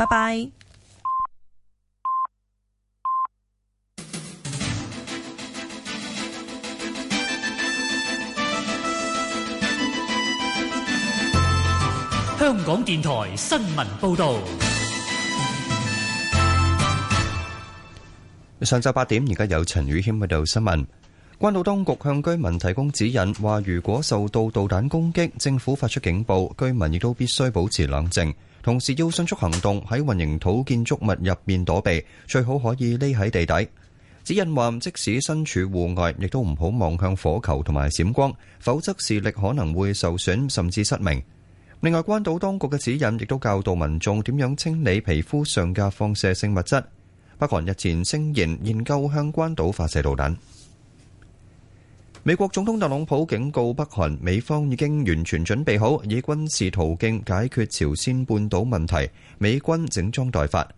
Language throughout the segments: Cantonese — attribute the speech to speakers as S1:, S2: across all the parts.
S1: 拜拜。
S2: 香港電台新聞報道。
S3: 上晝八點，而家有陳宇謙喺度新聞。關島當局向居民提供指引，話如果受到導彈攻擊，政府發出警報，居民亦都必須保持冷靜，同時要迅速行動，喺混凝土建築物入面躲避，最好可以匿喺地底。指引話，即使身處戶外，亦都唔好望向火球同埋閃光，否則視力可能會受損，甚至失明。另外，關島當局嘅指引亦都教導民眾點樣清理皮膚上嘅放射性物質。北韓日前聲言研究向關島發射導彈。美國總統特朗普警告北韓，美方已經完全準備好以軍事途徑解決朝鮮半島問題，美軍整裝待發。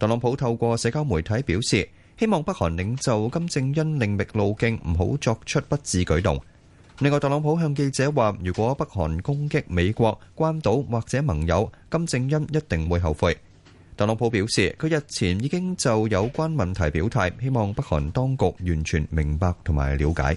S3: 特朗普透過社交媒體表示，希望北韓領袖金正恩另覓路徑，唔好作出不智舉動。另外，特朗普向記者話，如果北韓攻擊美國關島或者盟友，金正恩一定會後悔。特朗普表示，佢日前已經就有關問題表態，希望北韓當局完全明白同埋了解。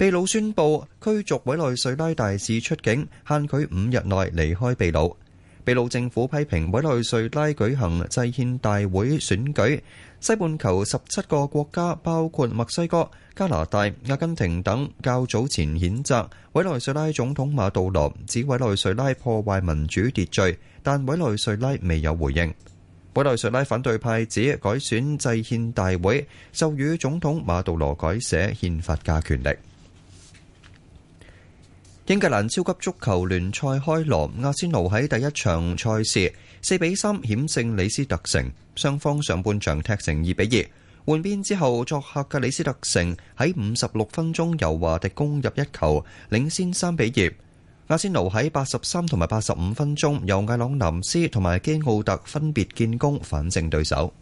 S3: 秘魯宣布驅逐委內瑞拉大使出境，限佢五日內離開秘魯。秘魯政府批評委內瑞拉舉行制憲大會選舉。西半球十七個國家，包括墨西哥、加拿大、阿根廷等，較早前譴責委內瑞拉總統馬杜羅，指委內瑞拉破壞民主秩序，但委內瑞拉未有回應。委內瑞拉反對派指改選制憲大會授予總統馬杜羅改寫憲法嘅權力。英格蘭超級足球聯賽開鑼，阿仙奴喺第一場賽事四比三險勝李斯特城。雙方上半場踢成二比二，換邊之後，作客嘅李斯特城喺五十六分鐘由華迪攻入一球，領先三比二。阿仙奴喺八十三同埋八十五分鐘由艾朗藍斯同埋基奧特分別建功，反勝對手。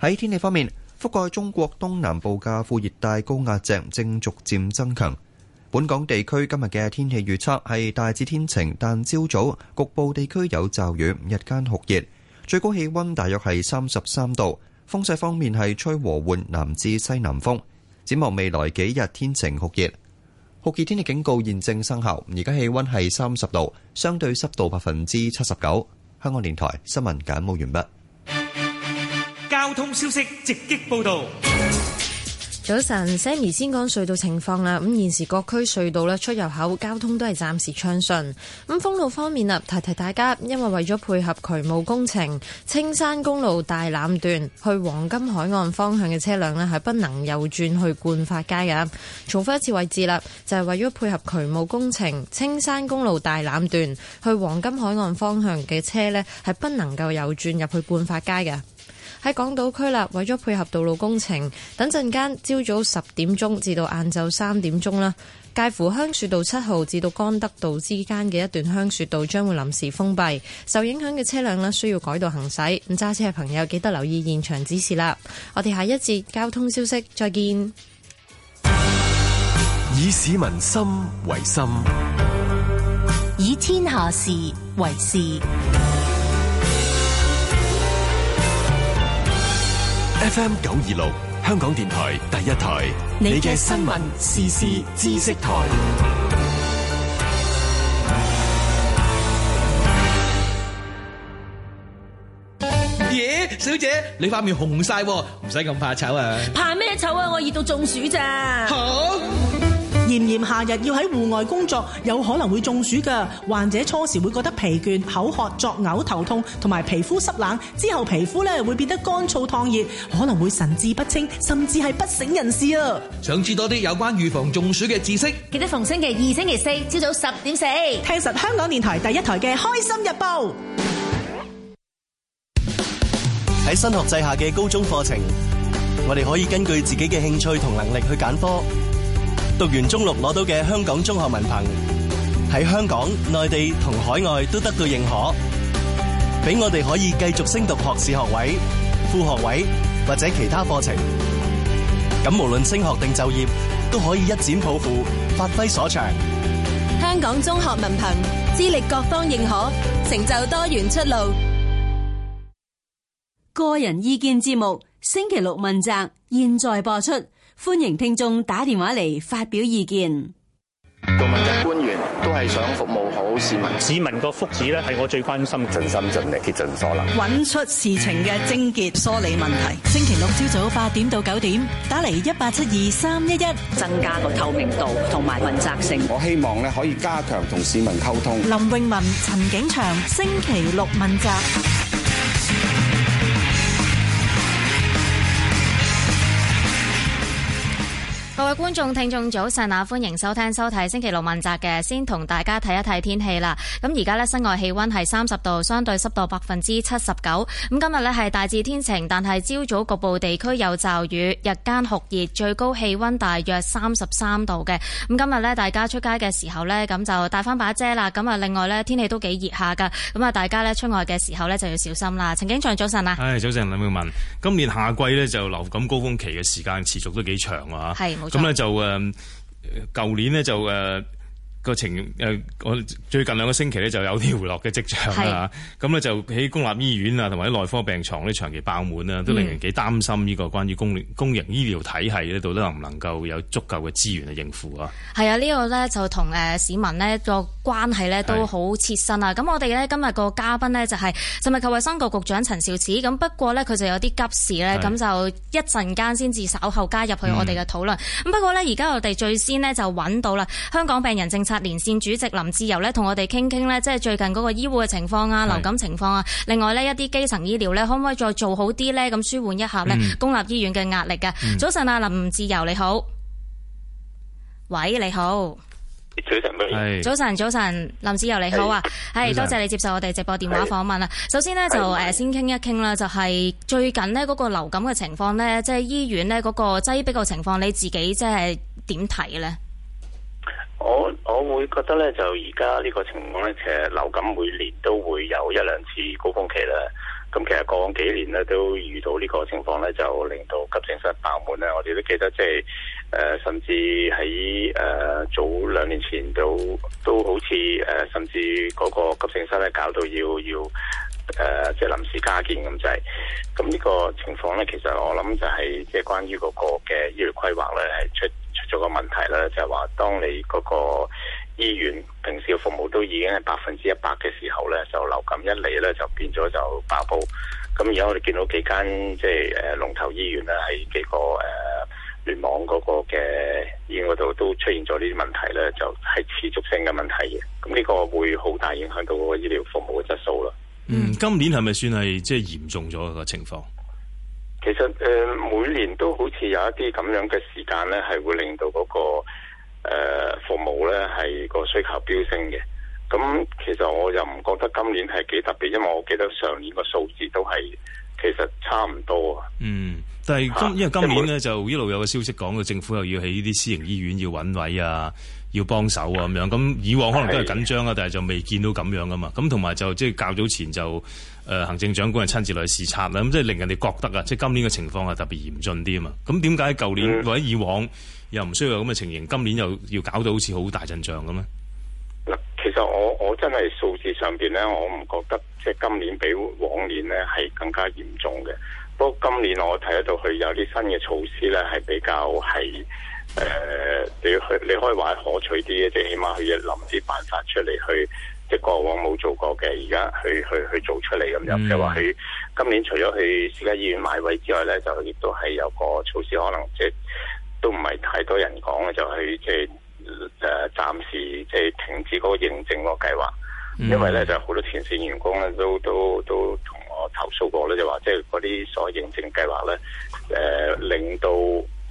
S3: 喺天氣方面，覆蓋中國東南部嘅副熱帶高壓脊正逐漸增強。本港地區今日嘅天氣預測係大致天晴，但朝早局部地區有驟雨，日間酷熱，最高氣溫大約係三十三度。風勢方面係吹和緩南至西南風。展望未來幾日天晴酷熱，酷熱天氣警告現正生效。而家氣溫係三十度，相對濕度百分之七十九。香港電台新聞簡報完畢。
S2: 交通消息直擊報道。
S1: 早晨，Sammy 先講隧道情況啦。咁現時各區隧道呢，出入口交通都係暫時暢順。咁封路方面啦，提提大家，因為為咗配合渠務工程，青山公路大欖段去黃金海岸方向嘅車輛呢係不能右轉去冠發街㗎。重複一次位置啦，就係、是、為咗配合渠務工程，青山公路大欖段去黃金海岸方向嘅車呢，係不能夠右轉入去冠發街嘅。喺港島區啦，為咗配合道路工程，等陣間朝早十點鐘至到晏晝三點鐘啦，介乎香雪道七號至到干德道之間嘅一段香雪道將會臨時封閉，受影響嘅車輛呢需要改道行駛。咁揸車嘅朋友記得留意現場指示啦。我哋下一節交通消息再見。
S4: 以市民心為心，
S1: 以天下事為事。
S3: FM 九二六，香港電台第一台，
S4: 你嘅新聞時事知識台。
S5: 耶，小姐，你塊面紅晒，唔使咁怕醜啊！
S6: 怕咩醜啊？我熱到中暑咋？
S2: 好。炎炎夏日要喺戶外工作，有可能會中暑㗎。患者初時會覺得疲倦、口渴、作嘔、頭痛，同埋皮膚濕冷。之後皮膚咧會變得乾燥燙熱，可能會神志不清，甚至係不省人事啊！想知多啲有關預防中暑嘅知識？記得逢星
S6: 期二、星期四
S2: 朝早十點四，聽實香港電台第一台嘅《開心日報》。
S3: 喺新學制下嘅高中課程，我哋可以根據自己嘅興趣同能力去揀科。讀完中六攞到嘅香港中學文憑，喺香港、內地同海外都得到認可，俾我哋可以繼續升讀學士學位、副學位或者其他課程。咁無論升學定就業，都可以一展抱負，發揮所長。
S1: 香港中學文憑資歷各方認可，成就多元出路。個人意見節目星期六問責，現在播出。歡迎聽眾打電話嚟發表意見。
S4: 做問責官員都係想服務好市民，市民個福祉咧，係我最關心，盡心盡力竭盡所能，
S1: 揾出事情嘅症結，梳理問題。星期六朝早八點到九點，打嚟一八七二三一一，增加個透明度同埋問責性。
S4: 我希望咧，可以加強同市民溝
S1: 通。林穎文、陳景祥，星期六問責。
S6: 各位觀眾、聽眾，早晨啊！歡迎收聽、收睇星期六問責嘅，先同大家睇一睇天氣啦。咁而家呢，室外氣温係三十度，相對濕度百分之七十九。咁今日呢，係大致天晴，但係朝早局部地區有驟雨，日間酷熱，最高氣温大約三十三度嘅。咁今日呢，大家出街嘅時候呢，咁就帶翻把遮啦。咁啊，另外呢，天氣都幾熱下噶。咁啊，大家呢，出外嘅時候呢，就要小心啦。陳景祥早晨啊！
S5: 誒，早晨，林妙文。今年夏季呢，就流感高峰期嘅時間持續都幾長啊！係。咁、嗯、咧、嗯嗯嗯、就誒舊年咧就誒。嗯個情誒，我最近兩個星期咧就有啲回落嘅跡象啦，咁咧就喺公立醫院啊，同埋啲內科病床咧長期爆滿啊，都令人幾擔心呢個關於公公營醫療體系呢到底能唔能夠有足夠嘅資源去應付啊？
S6: 係啊，呢、呢個呢，就同市民呢個關係呢，都好切身啊！咁我哋咧今日個嘉賓呢，就係食物及衞生局局長陳肇始，咁不過呢，佢就有啲急事呢，咁就一陣間先至稍後加入去我哋嘅討論。咁、嗯、不過呢，而家我哋最先呢，就揾到啦，香港病人政策連線主席林志游咧，同我哋傾傾咧，即係最近嗰個醫護嘅情況啊，流感情況啊，另外咧一啲基層醫療咧，可唔可以再做好啲咧？咁舒緩一下咧，公立醫院嘅壓力噶。早晨啊，林志游你，你，你好，喂，你好，早晨早晨，林志游你好啊，係多謝你接受我哋直播電話訪問啊。首先呢，就誒先傾一傾啦，就係最近呢嗰個流感嘅情況呢，即係醫院呢嗰個擠逼嘅情況，你自己即係點睇咧？
S4: 我我會覺得咧，就而家呢個情況咧，其實流感每年都會有一兩次高峰期啦。咁其實過往幾年咧，都遇到呢個情況咧，就令到急症室爆滿咧。我哋都記得、即係，即係誒，甚至喺誒、呃、早兩年前都都好似誒、呃，甚至嗰個急症室咧，搞到要要誒，即係臨時加建咁滯。咁呢個情況咧，其實我諗就係即係關於嗰、嗰個嘅、嗰個、醫療規劃咧，係出。做個問題咧，就係話，當你嗰個醫院平時嘅服務都已經係百分之一百嘅時候咧，就流感一嚟咧，就變咗就爆煲。咁而家我哋見到幾間即係誒龍頭醫院咧，喺幾個誒聯網嗰個嘅醫院嗰度都出現咗呢啲問題咧，就係持續性嘅問題嘅。咁呢個會好大影響到個醫療服務嘅質素咯。
S5: 嗯，今年係咪算係即係嚴重咗個情況？
S4: 其實誒、呃，每年都好似有一啲咁樣嘅時間咧，係會令到嗰、那個誒、呃、服務咧係個需求飆升嘅。咁其實我又唔覺得今年係幾特別，因為我記得上年個數字都係其實差唔多啊。
S2: 嗯，
S5: 但係今、啊、因為今年咧就一路有個消息講到政府又要喺呢啲私營醫院要揾位啊，要幫手啊咁樣。咁以往可能都係緊張啊，是但係就未見到咁樣噶嘛。咁同埋就即係較早前就。誒、呃、行政長官係親自嚟視察啦，咁即係令人哋覺得啊，即、就、係、是、今年嘅情況係特別嚴峻啲啊嘛。咁點解喺舊年或者以往又唔需要有咁嘅情形、嗯，今年又要搞到好似好大陣仗咁咧？嗱，
S4: 其實我我真係數字上邊咧，我唔覺得即係今年比往年咧係更加嚴重嘅。不過今年我睇得到佢有啲新嘅措施咧，係比較係誒，你、呃、去你可以話係可取啲嘅，即起碼佢要諗啲辦法出嚟去。即係過往冇做過嘅，而家去去去做出嚟咁樣，即係話佢今年除咗去私家醫院買位之外咧，就亦都係有個措施，可能即係、就是、都唔係太多人講嘅，就去即係誒暫時即係停止嗰個認證嗰個計劃，因為咧、嗯、就好多前線員工咧都都都同我投訴過咧，就話即係嗰啲所謂嘅認證計劃咧誒、呃、令到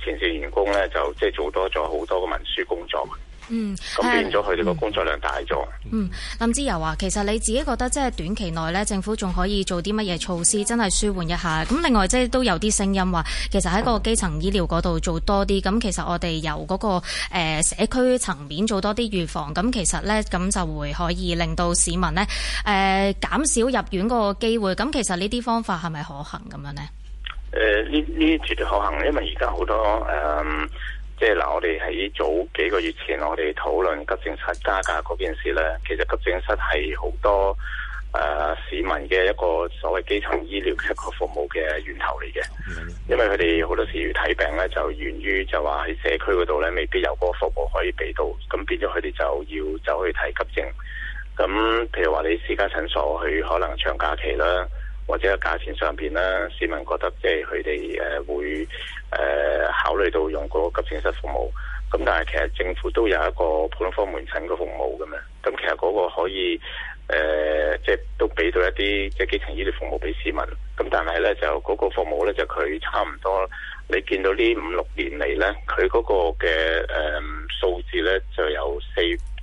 S4: 前線員工咧就即係、就是、做多咗好多個文書工作。
S6: 嗯，咁變咗佢呢
S4: 個工作量大咗，嗯。
S6: 嗯，林志游啊，其實你自己覺得即係短期內咧，政府仲可以做啲乜嘢措施，真係舒緩一下？咁另外即係都有啲聲音話，其實喺個基層醫療嗰度做多啲。咁其實我哋由嗰、那個、呃、社區層面做多啲預防，咁其實咧咁就會可以令到市民咧誒、呃、減少入院嗰個機會。咁其實呢啲方法係咪可行咁樣咧？
S4: 誒、呃，呢呢絕對可行，因為而家好多誒。呃即係嗱，我哋喺早幾個月前，我哋討論急症室加價嗰件事咧。其實急症室係好多、呃、市民嘅一個所謂基層醫療一個服務嘅源頭嚟嘅，因為佢哋好多時睇病咧，就源於就話喺社區嗰度咧，未必有個服務可以俾到，咁變咗佢哋就要走去睇急症。咁譬如話你私家診所去，可能長假期啦。或者個價錢上邊咧，市民覺得即係佢哋誒會誒、呃、考慮到用嗰個急症室服務，咁但係其實政府都有一個普通科門診個服務咁樣，咁其實嗰個可以誒，即、呃、係、就是、都俾到一啲即係基層醫療服務俾市民。咁但係咧就嗰個服務咧就佢差唔多你，你見到呢五六年嚟咧，佢嗰個嘅誒、呃、數字咧就有四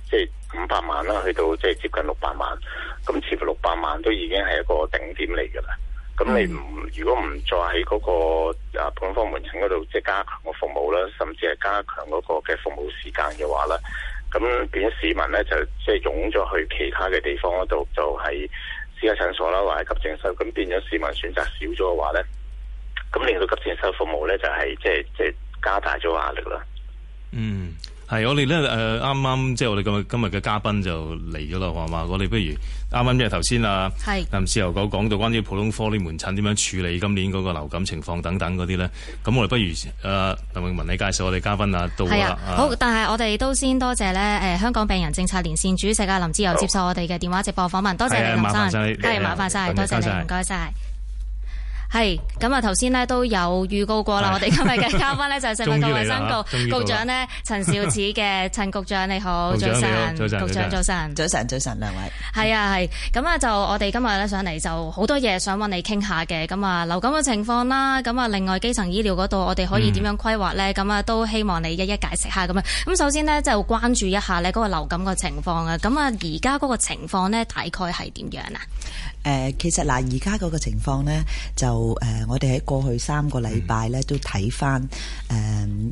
S4: 即係。五百萬啦，去到即係接近六百萬，咁似乎六百萬都已經係一個頂點嚟㗎啦。咁你唔、mm. 如果唔再喺嗰個本方門診嗰度即係加強個服務啦，甚至係加強嗰個嘅服務時間嘅話咧，咁變咗市民咧就即係湧咗去其他嘅地方嗰度，就係私家診所啦，或者急症室。咁變咗市民選擇少咗嘅話咧，咁令到急症室服務咧就係、是、即係即係加大咗壓力啦。嗯、
S5: mm.。係，我哋咧誒啱啱即係我哋今日今日嘅嘉賓就嚟咗啦，係嘛？我哋不如啱啱即係頭先啊，林志釉講講到關於普通科呢門診點樣處理今年嗰個流感情況等等嗰啲咧，咁我哋不如啊林永文你介紹我哋嘉賓啊到啦。係啊，好，啊、
S6: 但係我哋都先多謝咧、呃、香港病人政策連線主席啊林志釉接受我哋嘅電話直播訪問，多謝你、啊、林生，歡迎麻煩晒、啊。多謝你唔該晒。係咁啊，頭先咧都有預告過啦。我哋今日嘅嘉賓咧就係食物及衛生局局長咧陳肇始嘅陳 局長，你好，早晨，局長早晨，早晨，早晨，兩位係啊係。咁啊就我哋今日咧上嚟就好多嘢想問你傾下嘅。咁啊流感嘅情況啦，咁啊另外基層醫療嗰度我哋可以點樣規劃咧？咁、嗯、啊都希望你一一解釋下咁啊。咁首先咧就關注一下咧嗰個流感嘅情況啊。咁啊而家嗰個情況咧大概係點樣啊？
S7: 誒、呃，其實嗱，而家嗰個情況咧，就誒、呃，我哋喺過去三個禮拜咧，都睇翻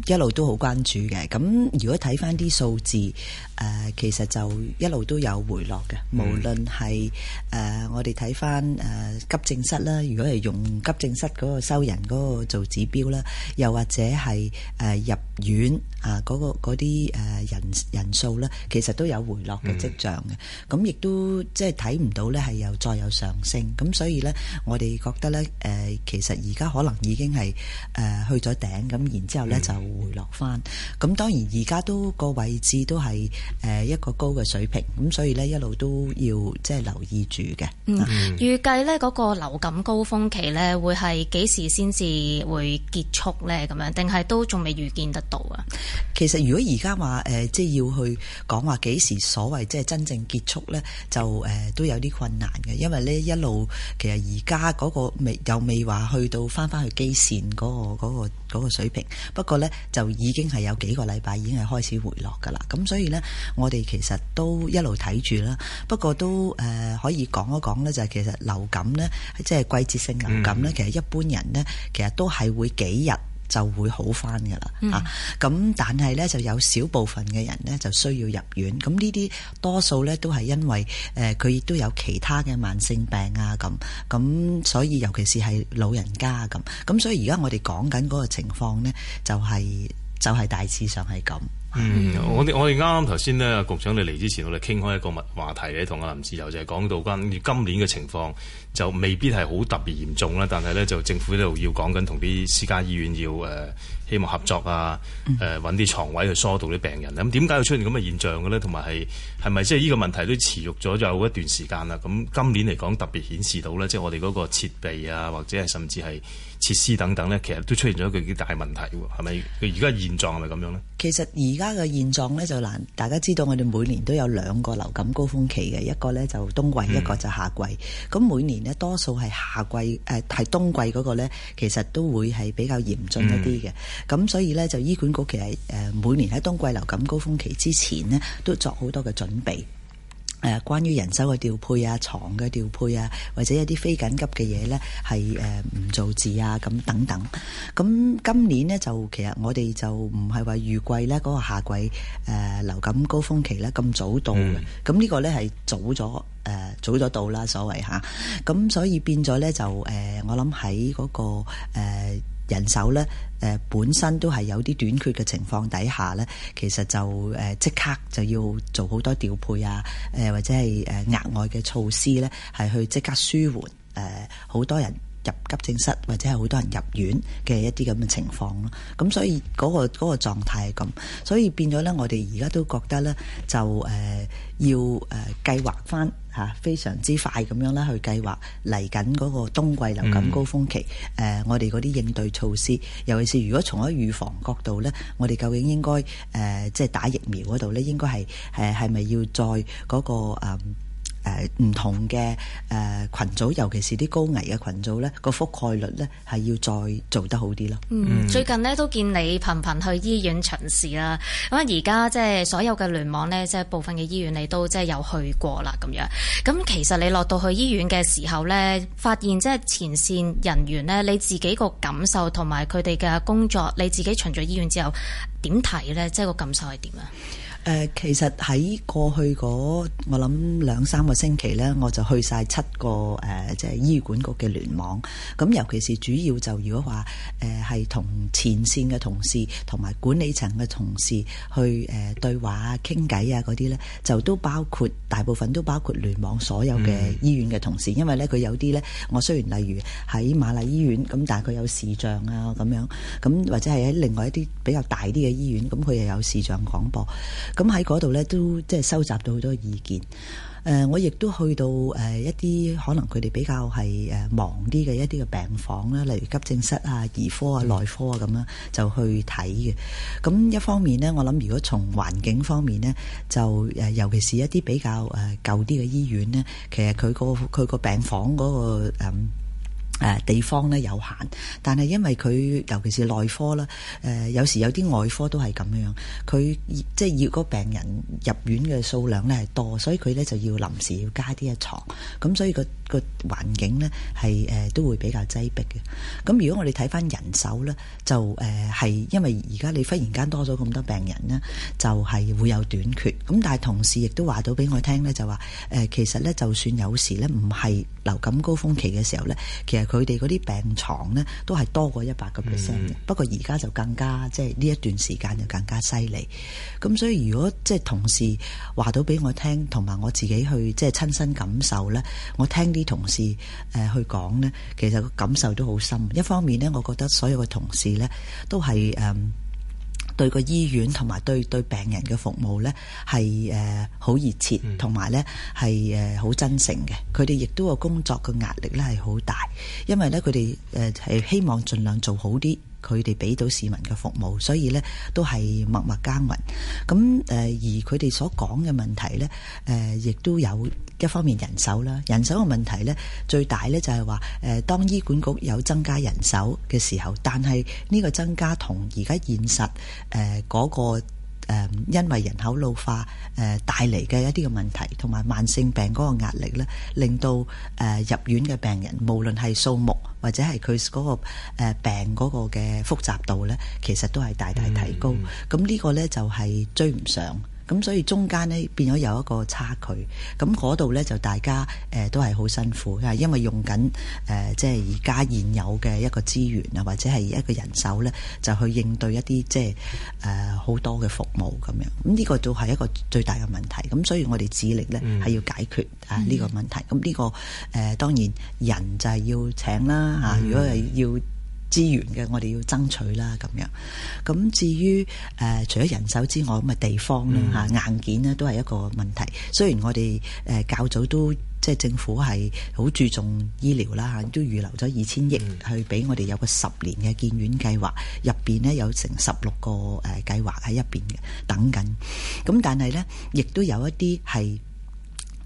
S7: 誒，一路都好關注嘅。咁如果睇翻啲數字。誒其實就一路都有回落嘅，無論係誒我哋睇翻誒急症室啦，如果係用急症室嗰個收人嗰個做指標啦，又或者係誒、呃、入院啊嗰、嗰個嗰啲誒人人數啦，其實都有回落嘅跡象嘅。咁、嗯、亦都即係睇唔到咧，係有再有上升。咁所以咧，我哋覺得咧，誒、呃、其實而家可能已經係誒、呃、去咗頂，咁然之後咧就回落翻。咁、嗯、當然而家都、呢個位置都係，誒一個高嘅水平，咁所以呢，一路都要即係留意住嘅。嗯，預
S6: 計呢嗰個流感高峰期呢，會係幾時先至會結束呢？咁樣定係都仲未預見得到啊？
S7: 其實如果而家話誒，即係要去講話幾時所謂即係真正結束呢，就誒、呃、都有啲困難嘅，因為呢一路其實而家嗰個未又未話去到翻翻去基線嗰個嗰個嗰個水平，不過呢，就已經係有幾個禮拜已經係開始回落噶啦，咁所以呢。我哋其實都一路睇住啦，不過都誒、呃、可以講一講咧，就係其實流感咧，即係季節性流感咧、嗯，其實一般人咧，其實都係會幾日就會好翻㗎啦吓。咁但係咧，就有少部分嘅人咧就需要入院。咁呢啲多數咧都係因為誒佢、嗯呃、亦都有其他嘅慢性病啊咁，咁所以尤其是係老人家咁、啊。咁所以而家我哋講緊嗰個情況咧，就係、是、就係、是、大致上係咁。嗯，我
S5: 哋我哋啱啱頭先咧，局長你嚟之前，我哋傾開一個物話題咧，同阿林志遊就係、是、講到關今年嘅情況就未必係好特別嚴重啦。但係咧就政府呢度要講緊同啲私家醫院要誒、呃、希望合作啊，誒揾啲床位去疏導啲病人。咁點解會出現咁嘅現象嘅咧？同埋係係咪即係呢個問題都持續咗有一段時間啦？咁今年嚟講特別顯示到咧，即係我哋嗰個設備啊，或者係甚至係。設施等等呢，其實都出現咗一個幾大問題，係咪？佢而家現狀係咪咁樣呢？
S7: 其實而家嘅現狀呢，就難，大家知道我哋每年都有兩個流感高峰期嘅，一個呢就冬季，一個就夏季。咁、嗯、每年呢，多數係夏季誒，係、呃、冬季嗰個呢，其實都會係比較嚴峻一啲嘅。咁、嗯、所以呢，就醫管局其實誒，每年喺冬季流感高峰期之前呢，都作好多嘅準備。誒，關於人手嘅調配啊，床嘅調配啊，或者一啲非緊急嘅嘢咧，係誒唔做字啊，咁等等。咁今年咧就其實我哋就唔係話預計咧，嗰個夏季誒、呃、流感高峰期咧咁早到嘅。咁、嗯、呢個咧係早咗、呃、早咗到啦，所謂嚇。咁、啊、所以變咗咧就誒、呃，我諗喺嗰個、呃人手咧，誒本身都係有啲短缺嘅情況底下咧，其實就誒即刻就要做好多調配啊，誒或者係誒額外嘅措施咧，係去即刻舒緩誒好多人，入急症室或者係好多人入院嘅一啲咁嘅情況咯，咁所以嗰、那個嗰、那個狀態係咁，所以變咗咧，我哋而家都覺得咧，就、呃、誒要誒計劃翻吓，非常之快咁樣啦去計劃嚟緊嗰個冬季流感高峰期，誒、嗯呃、我哋嗰啲應對措施，尤其是如果從喺預防角度咧，我哋究竟應該誒、呃、即係打疫苗嗰度咧，應該係誒係咪要再嗰、那個、呃誒、呃，唔同嘅誒、呃、群組，尤其是啲高危嘅群組咧，這個覆蓋率咧係要再做得好啲咯。嗯，
S6: 最近咧都見你頻頻去醫院巡視啦。咁啊，而家即係所有嘅聯網咧，即、就、係、是、部分嘅醫院你都即係有去過啦，咁樣。咁其實你落到去醫院嘅時候咧，發現即係前線人員咧，你自己個感受同埋佢哋嘅工作，你自己巡咗醫院之後點睇咧？即係個感受係點啊？
S7: 誒，其實喺過去嗰我諗兩三個星期咧，我就去晒七個誒，即、呃、係醫管局嘅聯網。咁尤其是主要就如果話誒，係、呃、同前線嘅同事同埋管理層嘅同事去誒對、呃、話啊、傾偈啊嗰啲咧，就都包括大部分都包括聯網所有嘅醫院嘅同事，嗯、因為咧佢有啲咧，我雖然例如喺瑪麗醫院咁，但係佢有視像啊咁樣，咁或者係喺另外一啲比較大啲嘅醫院，咁佢又有視像廣播。咁喺嗰度咧，都即係收集到好多意見。誒，我亦都去到誒一啲可能佢哋比較係誒忙啲嘅一啲嘅病房啦，例如急症室啊、兒科啊、內科啊咁樣，就去睇嘅。咁一方面咧，我諗如果從環境方面咧，就誒，尤其是一啲比較誒舊啲嘅醫院咧，其實佢個佢個病房嗰個誒。誒地方咧有限，但係因為佢尤其是內科啦，誒有時有啲外科都係咁樣，佢即係要個病人入院嘅數量咧係多，所以佢咧就要臨時要加啲嘅床。咁所以個個環境咧係誒都會比較擠迫嘅。咁如果我哋睇翻人手咧，就誒、是、係因為而家你忽然間多咗咁多病人咧，就係、是、會有短缺。咁但係同事亦都話到俾我聽咧，就話誒其實咧，就算有時咧唔係流感高峰期嘅時候咧，其實佢哋嗰啲病床呢都係多過一百個 percent 嘅，不過而家就更加，即係呢一段時間就更加犀利。咁所以如果即係同事話到俾我聽，同埋我自己去即係親身感受呢，我聽啲同事誒去講呢，其實個感受都好深。一方面呢，我覺得所有嘅同事呢都係誒。對個醫院同埋對對病人嘅服務呢，係誒好熱切，同埋呢係誒好真誠嘅。佢哋亦都有工作嘅壓力呢係好大，因為呢，佢哋誒係希望盡量做好啲。佢哋俾到市民嘅服務，所以呢都係默默耕耘。咁誒，而佢哋所講嘅問題呢，誒亦都有一方面人手啦。人手嘅問題呢，最大呢就係話誒，當醫管局有增加人手嘅時候，但係呢個增加同而家現實誒嗰、嗰個。誒因為人口老化誒帶嚟嘅一啲嘅問題，同埋慢性病嗰個壓力咧，令到誒入院嘅病人，無論係數目或者係佢嗰個誒病嗰個嘅複雜度咧，其實都係大大提高。咁，mm-hmm，呢個咧就係追唔上。咁所以中間咧變咗有一個差距，咁嗰度咧就大家、呃、都係好辛苦嘅，因為用緊、呃、即係而家現有嘅一個資源啊，或者係一個人手咧，就去應對一啲即係呃、好多嘅服務咁樣。咁、這、呢個都係一個最大嘅問題。咁所以我哋致力咧係要解決啊呢、嗯個問題。咁呢個誒當然人就係要請啦、嗯、如果係要資源嘅，我哋要爭取啦，咁樣。咁至於誒、呃，除咗人手之外，咁啊地方啦吓、啊，硬件呢都係一個問題。雖然我哋誒、呃、較早都，即係政府係好注重醫療啦吓、啊，都預留咗二千億去俾我哋有個十年嘅建院計劃，入邊呢有成十六個誒、呃、計劃喺入邊嘅，等緊。咁但係呢亦都有一啲係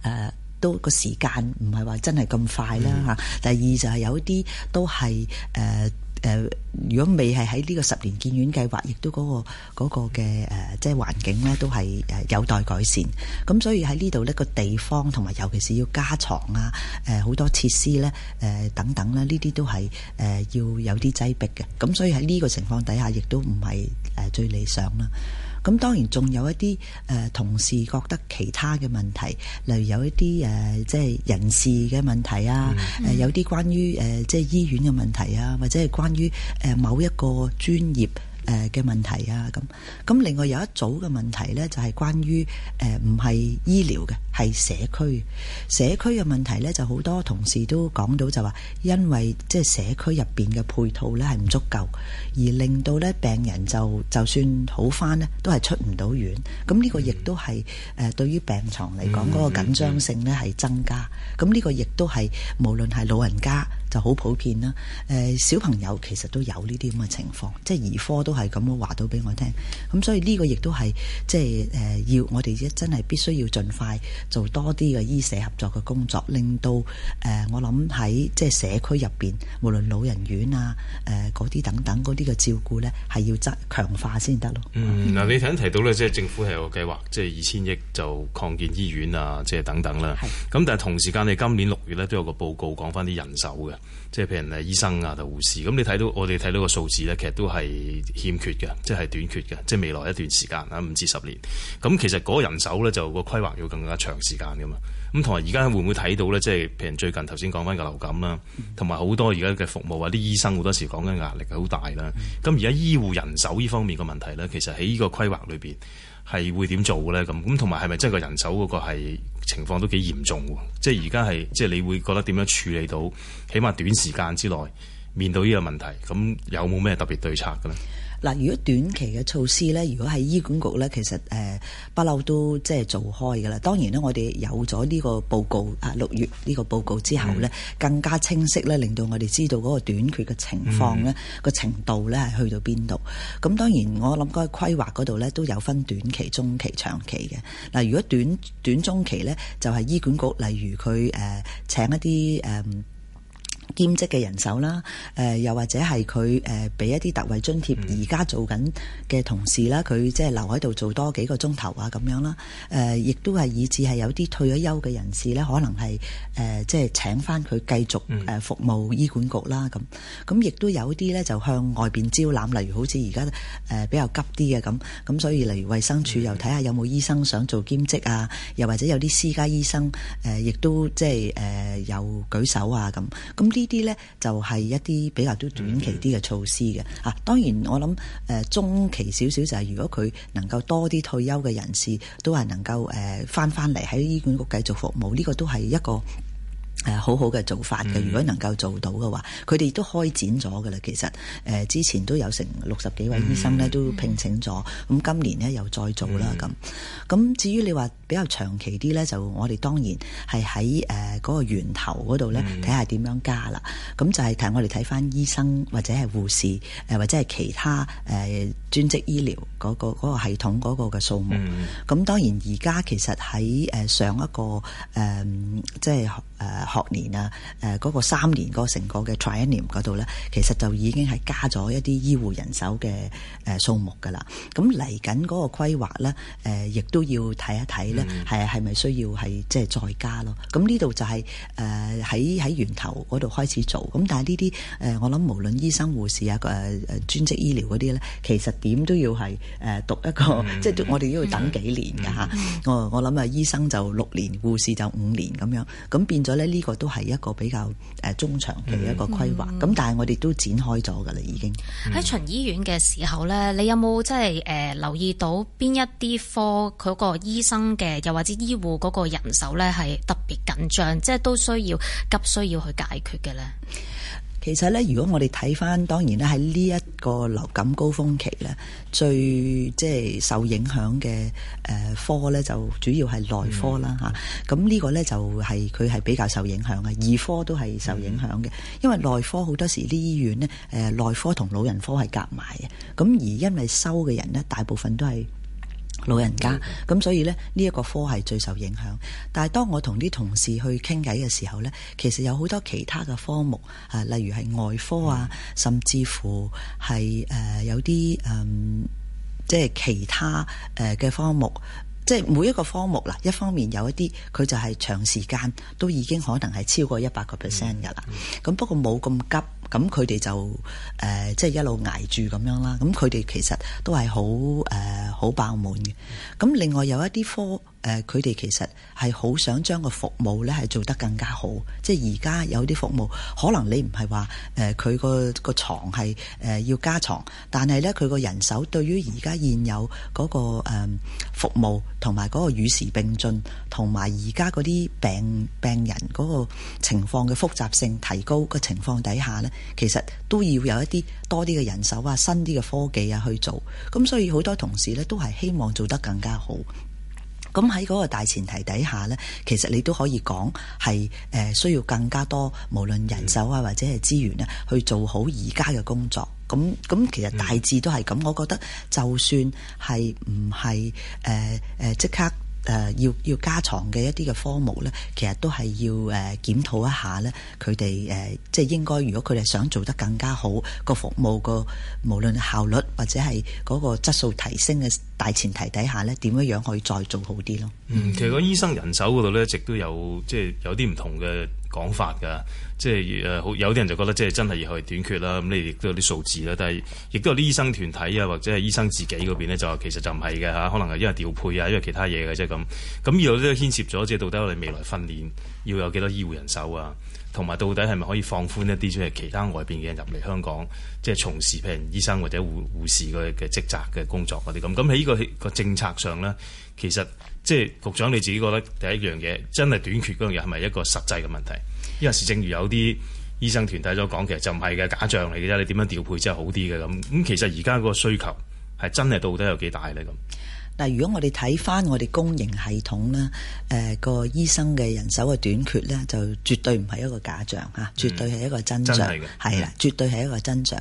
S7: 誒，都個時間唔係話真係咁快啦吓、啊。第二就係有一啲都係誒。呃誒、呃，如果未係喺呢個十年建院計劃，亦都嗰、嗰個嘅誒、嗰個呃，即係環境咧，都係誒有待改善。咁所以喺呢度呢個地方同埋尤其是要加牀啊，誒、呃、好多設施咧，誒、呃、等等咧，呢啲都係誒、呃、要有啲擠迫嘅。咁所以喺呢個情況底下，亦都唔係誒最理想啦。咁當然仲有一啲誒、呃、同事覺得其他嘅問題，例如有一啲誒、呃、即係人事嘅問題啊，嗯呃、有啲關於誒、呃、即係醫院嘅問題啊，或者係關於、呃、某一個專業誒嘅問題啊，咁咁另外有一組嘅問題咧，就係關於誒唔係醫療嘅，係社區社區嘅問題咧，就好多同事都講到就話，因為即係社區入邊嘅配套咧係唔足夠，而令到咧病人就就算好翻咧，都係出唔到院。咁呢個亦都係誒對於病床嚟講嗰個緊張性咧係增加。咁呢個亦都係無論係老人家就好普遍啦，誒小朋友其實都有呢啲咁嘅情況，即係兒科都係。係咁樣話到俾我聽，咁所以呢個亦都係即係誒，要、呃、我哋咧真係必須要盡快做多啲嘅醫社合作嘅工作，令到誒、呃，我諗喺即係社區入邊，無論老人院啊、誒嗰啲等等嗰啲嘅照顧咧，係要即強化先得咯。嗯，嗱、嗯嗯，你頭
S5: 先提到咧，即係政府係有個計劃，即係二千億就擴建醫院啊，即係等等啦。係。咁但係同時間，你今年六月咧都有個報告講翻啲人手嘅，即係譬如誒醫生啊同護士。咁你睇到我哋睇到個數字咧，其實都係。欠缺嘅，即係短缺嘅，即係未來一段時間啊，五至十年。咁其實嗰個人手咧，就個規劃要更加長時間噶嘛。咁同埋而家會唔會睇到咧，即係譬如最近頭先講翻個流感啦，同埋好多而家嘅服務啊，啲醫生好多時講緊壓力好大啦。咁而家醫護人手呢方面嘅問題咧，其實喺呢個規劃裏邊係會點做咧？咁咁同埋係咪真係個人手嗰個係情況都幾嚴重？即係而家係即係你會覺得點樣處理到，起碼短時間之內面對呢個問題，咁有冇咩特別對策嘅咧？
S7: 嗱，如果短期嘅措施咧，如果係醫管局咧，其實誒不嬲都即係做開㗎啦。當然咧，我哋有咗呢個報告啊，六月呢個報告之後咧，mm. 更加清晰咧，令到我哋知道嗰個短缺嘅情況咧，個、mm. 程度咧係去到邊度。咁當然我諗嗰個規劃嗰度咧都有分短期、中期、長期嘅。嗱，如果短短中期咧，就係、是、醫管局，例如佢誒、呃、請一啲兼職嘅人手啦，誒、呃、又或者係佢誒俾一啲特惠津貼，而家做緊嘅同事啦，佢即係留喺度做多幾個鐘頭啊，咁樣啦，誒亦都係以至係有啲退咗休嘅人士咧，可能係誒即係請返佢繼續誒服務醫管局啦，咁咁亦都有啲咧就向外邊招攬，例如好似而家誒比較急啲嘅咁，咁所以例如衞生署又睇下有冇醫生想做兼職啊，又或者有啲私家醫生誒亦、呃、都即係誒有舉手啊咁，咁呢，咁呢啲咧就係一啲比較都短期啲嘅措施嘅嚇，當然我諗誒中期少少就係如果佢能夠多啲退休嘅人士都係能夠誒翻翻嚟喺醫管局繼續服務，呢、這個都係一個。誒、呃、好好嘅做法嘅，如果能夠做到嘅話，佢哋亦都開展咗嘅啦。其實誒、呃、之前都有成六十幾位醫生咧、嗯，都聘請咗。咁、嗯、今年呢又再做啦。咁、嗯、咁至於你話比較長期啲呢，就我哋當然係喺誒嗰個源頭嗰度呢睇下點樣加啦。咁就係睇我哋睇翻醫生或者係護士、呃、或者係其他誒、呃、專職醫療嗰、嗰個嗰、嗰個、系統嗰個嘅數目。咁、嗯、當然而家其實喺、呃、上一個誒、呃、即係。誒學年啊，誒、嗰個三年個成個嘅 trial year 嗰度咧，其實就已經係加咗一啲醫護人手嘅誒數目㗎啦。咁嚟緊嗰個規劃咧，誒亦都要睇一睇咧，係係咪需要係即係再加咯？咁呢度就係誒喺喺源頭嗰度開始做。咁但係呢啲誒我諗無論醫生、護士啊，誒誒專職醫療嗰啲咧，其實點都要係誒讀一個即係 我哋都要等幾年㗎 我我諗啊，醫生就六年，護士就五年咁樣咁變咗。呢、這個都係一個比較誒中長期嘅一個規劃，咁、嗯、但係我哋都展開咗噶啦，已經喺
S6: 巡醫院嘅時候呢，你有冇即係誒留意到邊一啲科佢個醫生嘅，又或者醫護嗰個人手呢，係特別緊張，即係都需要急需要去解決嘅呢？
S7: 其實咧，如果我哋睇翻，當然咧喺呢一個流感高峰期咧，最即係受影響嘅誒科咧，就主要係內科啦嚇咁、嗯啊這個、呢個咧就係佢係比較受影響嘅，兒、嗯、科都係受影響嘅，因為內科好多時啲醫院咧，誒、呃、內科同老人科係夾埋嘅，咁而因為收嘅人咧，大部分都係。老人家咁，所以呢，呢一個科係最受影響。但係當我同啲同事去傾偈嘅時候，呢其實有好多其他嘅科目，誒，例如係外科啊，甚至乎係誒有啲誒，即係其他誒嘅科目，嗯、即係每一個科目啦。一方面有一啲佢就係長時間都已經可能係超過一百個 percent 㗎啦。咁、嗯嗯、不過冇咁急。咁佢哋就誒即係一路捱住咁樣啦，咁佢哋其實都係好誒好爆滿嘅。咁另外有一啲科。誒，佢哋其實係好想將個服務咧係做得更加好。即係而家有啲服務，可能你唔係話誒佢個個牀係誒要加床，但係咧佢個人手對於而家現有嗰個誒服務同埋嗰個與時並進，同埋而家嗰啲病病人嗰個情況嘅複雜性提高嘅情況底下咧，其實都要有一啲多啲嘅人手啊，新啲嘅科技啊去做。咁所以好多同事咧都係希望做得更加好。咁喺嗰個大前提底下呢，其實你都可以講係誒需要更加多，無論人手啊或者係資源啊，去做好而家嘅工作。咁咁其實大致都係咁。我覺得就算係唔係誒誒即刻。誒、呃、要要加牀嘅一啲嘅科目咧，其實都係要誒、呃、檢討一下咧，佢哋、呃、即係應該，如果佢哋想做得更加好個服務個無論效率或者係嗰個質素提升嘅大前提底下咧，點樣可以再做好啲咯？嗯，其實
S5: 個醫生人手嗰度咧，一直都有即係、就是、有啲唔同嘅。講法㗎，即係誒好有啲人就覺得即係以後真係要去短缺啦。咁你亦都有啲數字啦，但係亦都有啲醫生團體啊，或者係醫生自己嗰邊咧，就其實就唔係嘅嚇，可能係因為調配啊，因為其他嘢嘅即係咁。咁呢度都牽涉咗，即係到底我哋未來訓練要有幾多醫護人手啊？同埋到底係咪可以放寬一啲，即係其他外邊嘅人入嚟香港，即係從事譬如醫生或者護士嘅職責嘅工作嗰啲咁。咁喺呢個政策上呢，其實即係局長你自己覺得第一樣嘢真係短缺嗰樣嘢係咪一個實際嘅問題？因為是正如有啲醫生團體所講，其實就唔係嘅假象嚟嘅啫。你點樣調配真係好啲嘅咁？咁其實而家個需求係真係到底有幾大呢？咁？
S7: 嗱，如果我哋睇翻我哋公營系統咧，誒、呃、個醫生嘅人手嘅短缺咧，就絕對唔係一個假象嚇、嗯，絕對係一個增長真相，係啦、嗯，絕對係一個真相。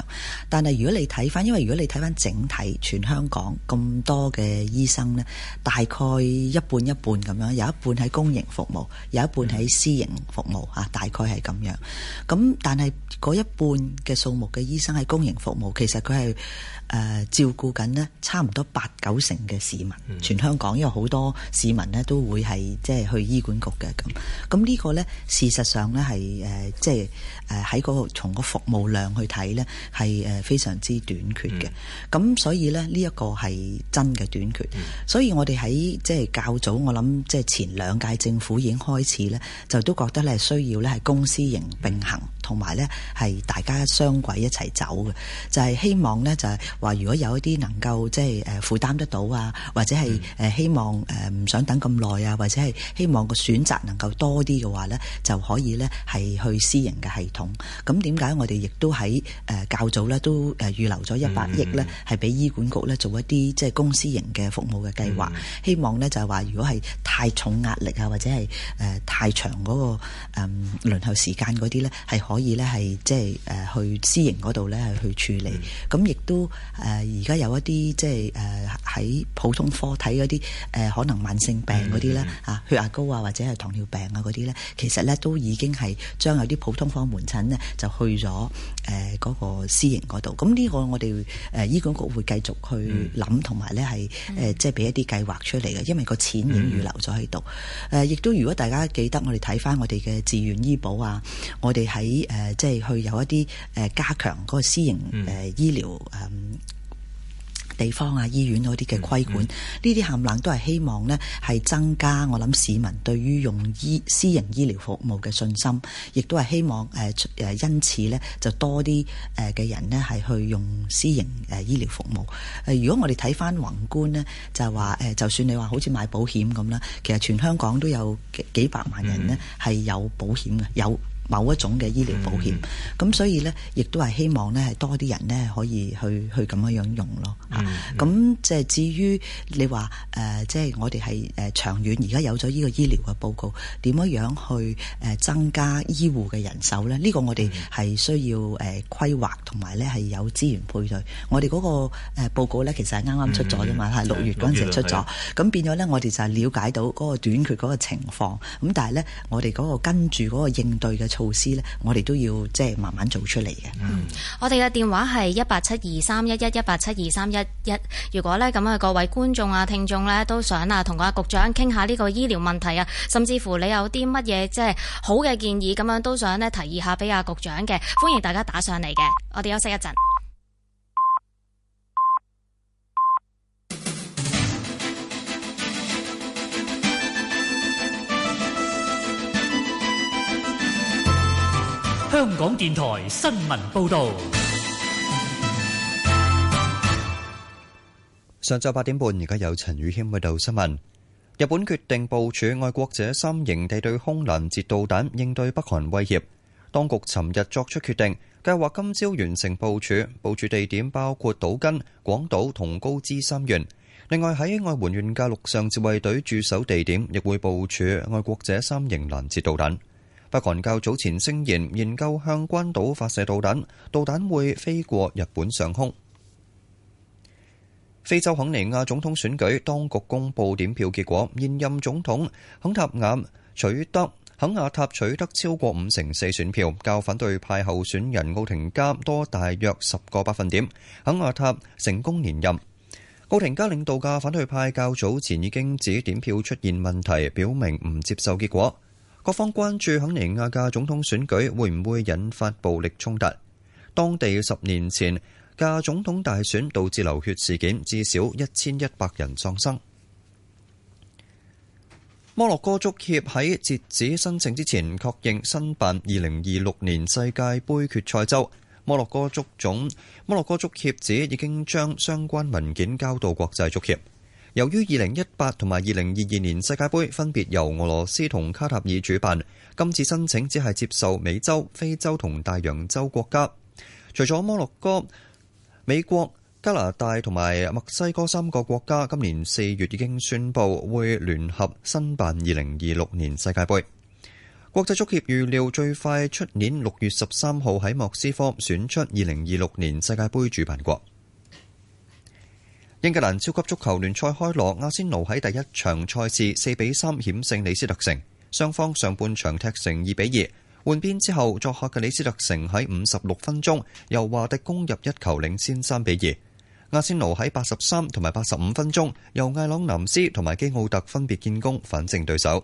S7: 但係如果你睇翻，因為如果你睇翻整體全香港咁多嘅醫生咧，大概一半一半咁樣，有一半喺公營服務，有一半喺私營服務、嗯、大概係咁樣。咁但係嗰一半嘅數目嘅醫生喺公營服務，其實佢係。誒、呃、照顧緊呢差唔多八九成嘅市民、嗯，全香港有好多市民呢都會係即係去醫管局嘅咁。咁呢個呢，事實上呢係即係喺嗰個從個服務量去睇呢，係非常之短缺嘅。咁、嗯、所以呢，呢、呢、一個係真嘅短缺、嗯。所以我哋喺即係較早，我諗即係前兩屆政府已經開始呢，就都覺得呢需要呢，係公私營並行，同埋呢係大家雙軌一齊走嘅，就係、係、希望呢，就係。話如果有一啲能夠即係誒負擔得到啊，或者係、呃、希望唔、呃、想等咁耐啊，或者係希望個選擇能夠多啲嘅話咧，就可以咧係去私營嘅系統。咁點解我哋亦都喺誒較早咧都誒預留咗一百億咧，係、嗯、俾、嗯、醫管局咧做一啲即係公私營嘅服務嘅計劃。希望咧就係話，如果係太重壓力啊，或者係誒、呃、太長嗰、嗰個誒輪候時間嗰啲咧，係可以咧係即係、呃、去私營嗰度咧去處理。咁、嗯、亦、嗯、都。誒而家有一啲即係誒喺普通科睇嗰啲誒可能慢性病嗰啲咧啊，血壓高啊或者係糖尿病啊嗰啲咧，其實咧都已經係將有啲普通科門診咧就去咗誒嗰個私營嗰度。咁呢個我哋誒、呃、醫管局會繼續去諗同埋咧係誒即係俾一啲計劃出嚟嘅，因為個錢已經預留咗喺度。誒、mm-hmm、呃、亦都如果大家記得我哋睇翻我哋嘅自願醫保啊，我哋喺誒即係去有一啲加強嗰個私營誒醫療地方啊，醫院嗰啲嘅規管呢啲冚唥都係希望呢係增加我諗市民對於用醫私人醫療服務嘅信心，亦都係希望誒誒、呃，因此呢，就多啲嘅、呃、人呢係去用私營誒、呃、醫療服務。呃、如果我哋睇返宏觀呢，就話、呃、就算你話好似買保險咁啦，其實全香港都有幾、幾百萬人呢係有保險嘅有。某一種嘅醫療保險，咁、嗯、所以呢，亦都係希望呢，係多啲人呢，可以去去咁樣樣用咯嚇。咁即係至於你話誒，即、呃、係、就是、我哋係誒長遠而家有咗呢個醫療嘅報告，點樣樣去增加醫護嘅人手呢？呢、呢個我哋係需要誒規劃同埋呢係有資源配對。我哋嗰個報報告呢，其實係啱啱出咗啫嘛，係、嗯、六月嗰陣時出咗。咁變咗呢，我哋就係了解到嗰個短缺嗰個情況。咁但係呢，我哋嗰個跟住嗰個應對嘅措施呢，我哋都要即係慢慢做出嚟嘅。
S6: 我哋嘅電話係一八七二三一一一八七二三一一。如果呢咁啊，各位觀眾啊、聽眾呢，都想啊，同阿局長傾下呢個醫療問題啊，甚至乎你有啲乜嘢即係好嘅建議，咁樣都想呢提議下俾阿局長嘅，歡迎大家打上嚟嘅。我哋休息一陣。
S2: 香港電台新聞報道：
S3: 上晝八點半，而家有陳宇謙報道新聞。日本決定部署愛國者三型地對空攔截導彈，應對北韓威脅。當局尋日作出決定，計劃今朝完成部署。部署地點包括島根、廣島同高知三縣。另外，喺愛媛縣嘅陸上自衛隊駐守地點，亦會部署愛國者三型攔截導彈。北韓較早前聲言研究向關島發射導彈，導彈會飛過日本上空。非洲肯尼亞總統選舉，當局公佈點票結果，現任總統肯塔亞取得肯亞塔取得超過五成四選票，較反對派候選人奧廷加多大約十個百分點。肯亞塔成功連任。奧廷加領導嘅反對派較早前已經指點票出現問題，表明唔接受結果。各方關注肯尼亞嘅總統選舉會唔會引發暴力衝突。當地十年前嘅總統大選導致流血事件，至少一千一百人喪生。摩洛哥足協喺截止申請之前確認申辦二零二六年世界杯決賽周。摩洛哥足總、摩洛哥足協指已經將相關文件交到國際足協。由於二零一八同埋二零二二年世界盃分別由俄羅斯同卡塔爾主辦，今次申請只係接受美洲、非洲同大洋洲國家。除咗摩洛哥、美國、加拿大同埋墨西哥三個國家，今年四月已經宣布會聯合申辦二零二六年世界盃。國際足協預料最快出年六月十三號喺莫斯科選出二零二六年世界盃主辦國。英格蘭超級足球聯賽開鑼，阿仙奴喺第一場賽事四比三險勝李斯特城。雙方上半場踢成二比二，換邊之後，作客嘅李斯特城喺五十六分鐘由華迪攻入一球，領先三比二。阿仙奴喺八十三同埋八十五分鐘由艾朗南斯同埋基奧特分別建功，反勝對手。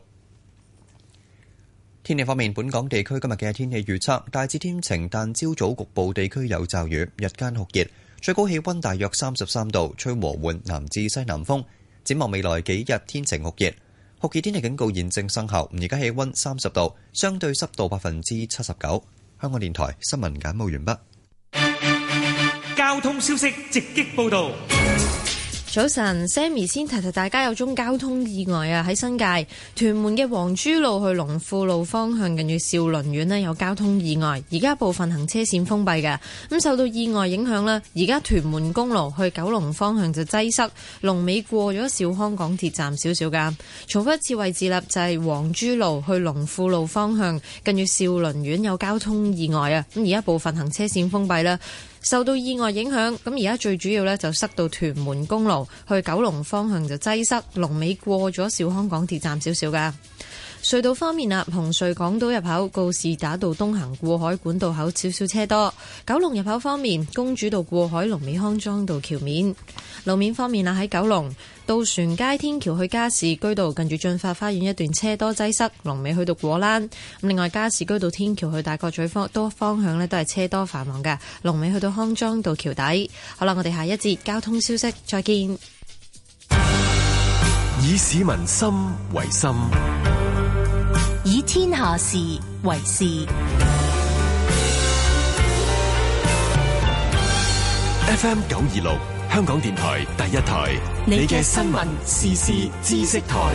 S3: 天氣方面，本港地區今日嘅天氣預測大致天晴，但朝早局部地區有驟雨，日間酷熱。最高氣溫大約三十三度，吹和緩南至西南風。展望未來幾日天晴酷熱，酷熱天氣警告現正生效。而家氣温三十度，相對濕度百分之七十九。香港電台新聞簡報完畢。交通消息直擊報道。
S1: 早晨，Sammy 先提提大家，有宗交通意外啊！喺新界屯門嘅黃珠路去龍富路方向，近住兆麟苑呢，有交通意外，而家部分行車線封閉嘅。咁、嗯、受到意外影響咧，而家屯門公路去九龍方向就擠塞，龍尾過咗兆康港鐵站少少噶。重複一次位置啦就係、是、黃珠路去龍富路方向，近住兆麟苑有交通意外啊！咁而家部分行車線封閉啦。受到意外影響，咁而家最主要呢就塞到屯門公路去九龍方向就擠塞，龍尾過咗兆康港鐵站少少噶。隧道方面啊，紅隧港島入口告士打道東行過海管道口少少車多；九龍入口方面，公主道過海龍尾康莊道橋面路面方面啊，喺九龍渡船街天橋去加士居道近住駿發花園一段車多擠塞；龍尾去到果欄咁，另外加士居道天橋去大角咀方多方向呢都係車多繁忙嘅；龍尾去到康莊道橋底。好啦，我哋下一節交通消息再見。
S4: 以市民心為心。
S1: 天下事為事
S4: ，FM 九二六香港電台第一台，你嘅新聞、時事、知識台，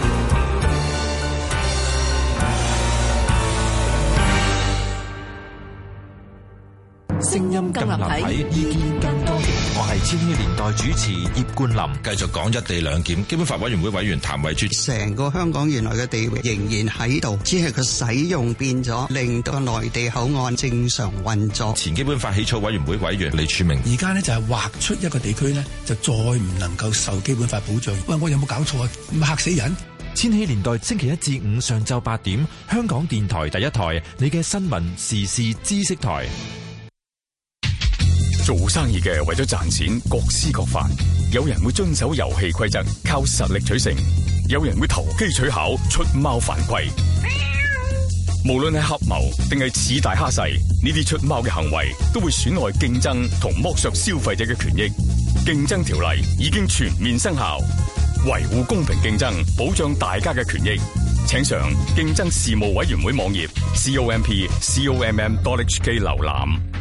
S6: 聲音更立體，
S4: 意
S3: 見更多元。我係千禧年代主持葉冠
S5: 林，繼續講一地兩檢，基本法
S8: 委員會委員譚惠
S3: 珠：成個香港原來嘅地域仍然喺度，只係佢使用變咗，令到內地口岸正常運作。前基本法起草委員會委員李柱銘：而家呢就係劃出一個地區呢就再唔能夠受基本法保障。喂，我有冇
S8: 搞錯啊？咁吓死人！千禧年代星期一至五上晝八點，香港電台第一台，你嘅新聞時事知識台。
S4: 做生意嘅，為咗賺錢，各施各法。有人會遵守遊戲規則，靠實力取勝；有人會投機取巧，出貓犯規。無論係合謀，定係恃大蝦細，呢啲出貓嘅行為都會損害競爭同剝削消費者嘅權益。競爭條例已經全面生效，維護公平競爭，保障大家嘅權益。請上競爭事務委員會網頁 compcomm.hk 瀏覽。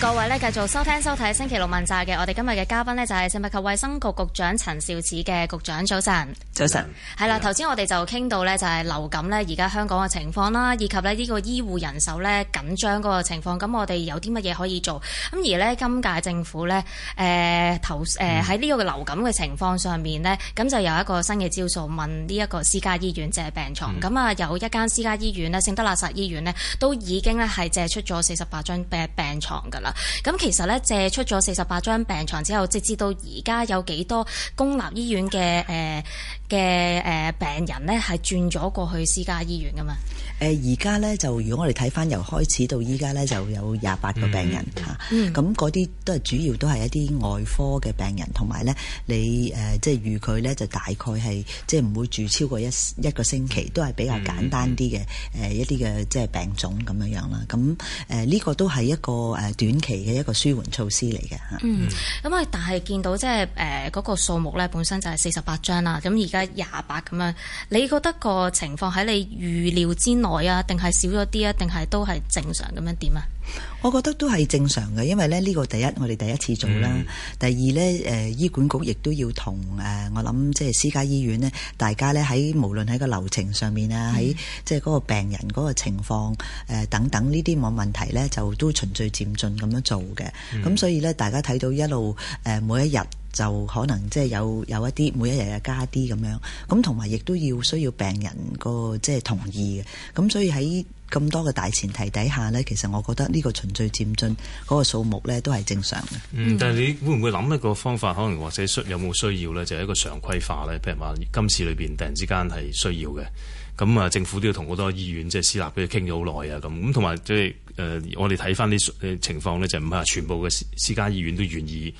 S6: 各位咧，繼續收聽收睇星期六問責嘅，我哋今日嘅嘉賓呢就係聖物及衛生局局長陳肇始嘅局長，早晨。早晨。係啦，頭先我哋就傾到呢，就係流感呢而家香港嘅情況啦，以及呢呢個醫護人手呢緊張嗰個情況，咁我哋有啲乜嘢可以做？咁而呢，今屆政府呢，誒投誒喺呢個流感嘅情況上面呢，咁、嗯、就有一個新嘅招數，問呢一個私家醫院借病床。咁、嗯、啊，有一間私家醫院呢聖德納撒醫院呢，都已經咧係借出咗四十八張病床。牀啦咁其實咧借出咗四十八張病床之後，直至到而家有幾多公立醫院嘅呃嘅呃病人咧，係轉咗過去私家醫院㗎嘛？
S7: 誒而家咧就如果我哋睇翻由開始到依家咧就有廿八個病人吓，咁嗰啲都係主要都係一啲外科嘅病人，同埋咧你誒、呃、即係預佢咧就大概係即係唔會住超過一一個星期，都係比較簡單啲嘅誒一啲嘅、嗯呃、即係病種咁樣樣啦。咁誒呢個都係一個誒短期嘅一個舒緩措施嚟嘅吓嗯，
S6: 咁、嗯、啊但係見到即係誒嗰個數目咧本身就係四十八張啦，咁而家廿八咁樣，你覺得個情況喺你預料之內？定係少咗啲啊，定係都係正常咁樣點啊？
S7: 我覺得都係正常嘅，因為咧呢、呢個第一，我哋第一次做啦、嗯，第二呢，誒、呃、醫管局亦都要同誒、呃，我諗即係私家醫院呢，大家呢，喺無論喺個流程上面啊，喺即係嗰個病人嗰個情況誒、呃、等等呢啲冇問題呢就都循序漸進咁樣做嘅。咁、嗯、所以呢，大家睇到一路誒、呃，每一日就可能即係有有一啲，每一日又加啲咁樣。咁同埋亦都要需要病人、嗰個即係、就是、同意嘅。咁所以喺咁多嘅大前提底下呢，其實我覺得呢個循序漸進嗰個數目呢都係正常嘅、嗯。嗯，但
S5: 係你會唔會諗一個方法，可能或者需有冇需要呢？就係、是、一個常規化呢。譬如話今次裏邊突然之間係需要嘅，咁啊政府都要同好多醫院即係私立嘅傾咗好耐啊咁。咁同埋即係誒，我哋睇翻啲情況呢，就唔、是、係全部嘅私私家醫院都願意。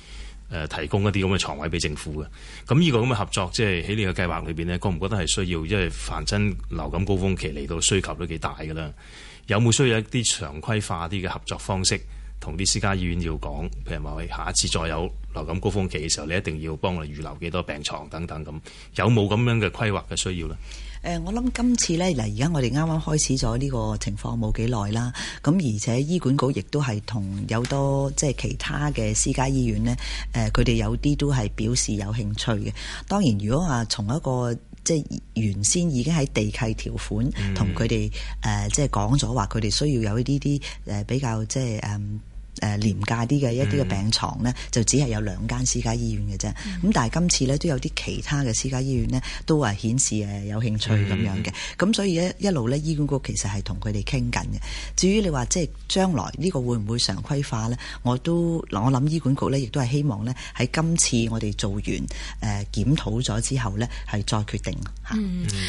S5: 誒、呃、提供一啲咁嘅床位俾政府嘅，咁呢個咁嘅合作即係喺呢個計劃裏面，呢覺唔覺得係需要？因為反正流感高峰期嚟到，需求都幾大噶啦。有冇需要一啲常規化啲嘅合作方式，同啲私家醫院要講？譬如話，下一次再有流感高峰期嘅時候，你一定要幫我預留幾多病床等等咁。有冇咁樣嘅規劃嘅需要呢？
S7: 呃、我諗今次呢，嗱，而家我哋啱啱開始咗呢個情況冇幾耐啦，咁而且醫管局亦都係同有多即係其他嘅私家醫院呢，佢、呃、哋呃、佢哋有啲都係表示有興趣嘅。當然，如果話從一個即係原先已經喺地契條款同佢哋呃、即係講咗話，佢哋需要有一啲啲呃、比較即係、嗯誒廉價啲嘅一啲嘅病床呢、嗯，就只係有兩間私家醫院嘅啫。咁、嗯、但係今次呢，都有啲其他嘅私家醫院呢，都係顯示誒有興趣咁樣嘅。咁、嗯、所以一一路呢，醫管局其實係同佢哋傾緊嘅。至於你話即係將來呢個會唔會常規化呢？我都我諗醫管局呢，亦都係希望呢，喺今次我哋做完誒檢討咗之後呢，係再決定
S6: 吓。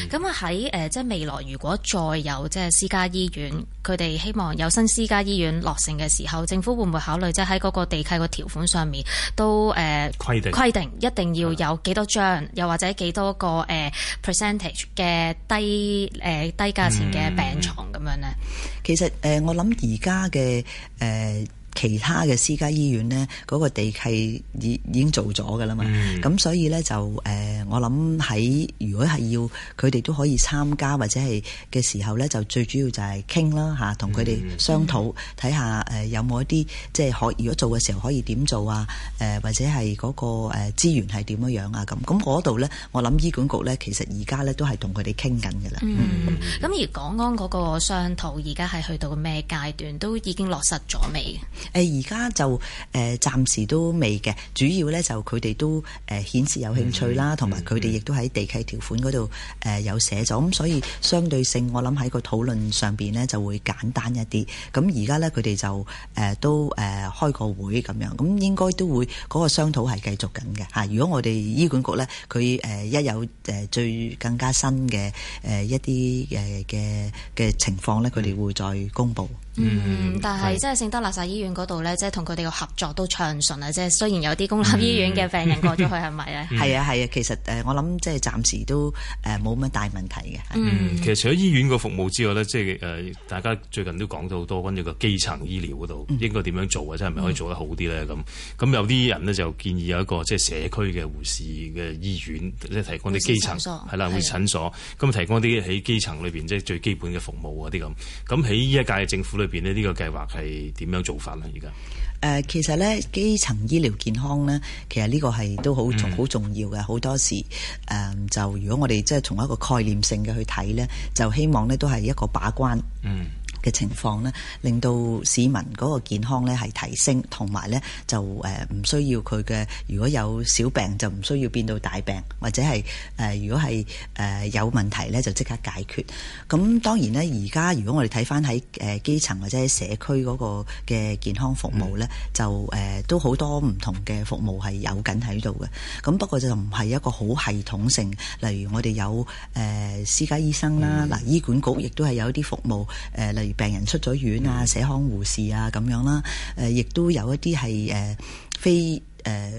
S6: 咁啊喺誒即係未來，如果再有即係私家醫院，佢、嗯、哋希望有新私家醫院落成嘅時候，政府，會唔會考慮即係喺嗰個地契個條款上面都誒規、呃、定規定一定要有幾多張，又或者幾多個誒、呃、percentage 嘅低誒、呃、低價錢嘅病床咁樣咧、嗯？
S7: 其實誒、呃，我諗而家嘅誒。呃其他嘅私家醫院呢，嗰、那個地契已已經做咗噶啦嘛。咁、嗯、所以呢，就、呃、誒，我諗喺如果係要佢哋都可以參加或者係嘅時候呢，就最主要就係傾啦嚇，同佢哋商討，睇下誒有冇一啲即係可如果做嘅時候可以點做啊？誒、呃、或者係嗰個誒資源係點樣樣啊？咁咁度呢，我諗醫管局呢，其實而家呢都係同佢哋傾緊㗎喇。嗯，
S6: 咁、嗯、而港安嗰個商討而家係去到咩階段？都已經落實咗未？
S7: 誒而家就誒、呃、暫時都未嘅，主要咧就佢哋都誒、呃、顯示有興趣啦，同埋佢哋亦都喺地契條款嗰度誒有寫咗，咁、嗯、所以相對性我諗喺個討論上面咧就會簡單一啲。咁而家咧佢哋就誒、呃、都誒、呃、開個會咁樣，咁、嗯、應該都會嗰、那個商討係繼續緊嘅、啊、如果我哋醫管局咧，佢誒、呃、一有、呃、最更加新嘅誒、呃、一啲嘅嘅情況咧，佢哋會再公佈。Mm-hmm. 嗯，嗯，但係即係
S6: 聖德肋撒醫院嗰度咧，即係同佢哋嘅合作都暢順啊！即係雖然有啲公立醫院
S7: 嘅病人過咗去，係咪咧？係 啊係啊，其實誒，我諗即係暫時都誒冇乜大問題嘅、嗯。嗯，其實
S5: 除咗醫院嘅服務之外咧，即係誒，大家最近都講到好多關於個基層醫療嗰度應該點樣做啊？即係咪可以做得好啲咧？咁咁有啲人呢，嗯、人就建議有一個即係、就是、社區嘅護士嘅醫院，即、就、係、是、提供啲基層係啦，會診所咁提供啲喺基層裏邊即係最基本嘅服務嗰啲咁。咁喺呢一屆政府裡面邊呢個計劃係點樣做法呢？而家
S7: 誒，其實呢，基層醫療健康呢，其實呢個係都好重、好重要嘅。好、嗯、多時誒、呃，就如果我哋即係從一個概念性嘅去睇呢，就希望呢都係一個把關。嗯。嘅情況咧，令到市民嗰個健康咧係提升，同埋咧就誒唔需要佢嘅如果有小病就唔需要變到大病，或者係誒、呃、如果係誒、呃、有問題咧就即刻解決。咁當然咧，而家如果我哋睇翻喺誒基層或者喺社區嗰個嘅健康服務咧，mm. 就誒、呃、都好多唔同嘅服務係有緊喺度嘅。咁不過就唔係一個好系統性，例如我哋有誒、呃、私家醫生啦，嗱、mm. 醫管局亦都係有一啲服務誒、呃，例如。病人出咗院啊，社康護士啊，咁樣啦，誒，亦都有一啲係非、呃、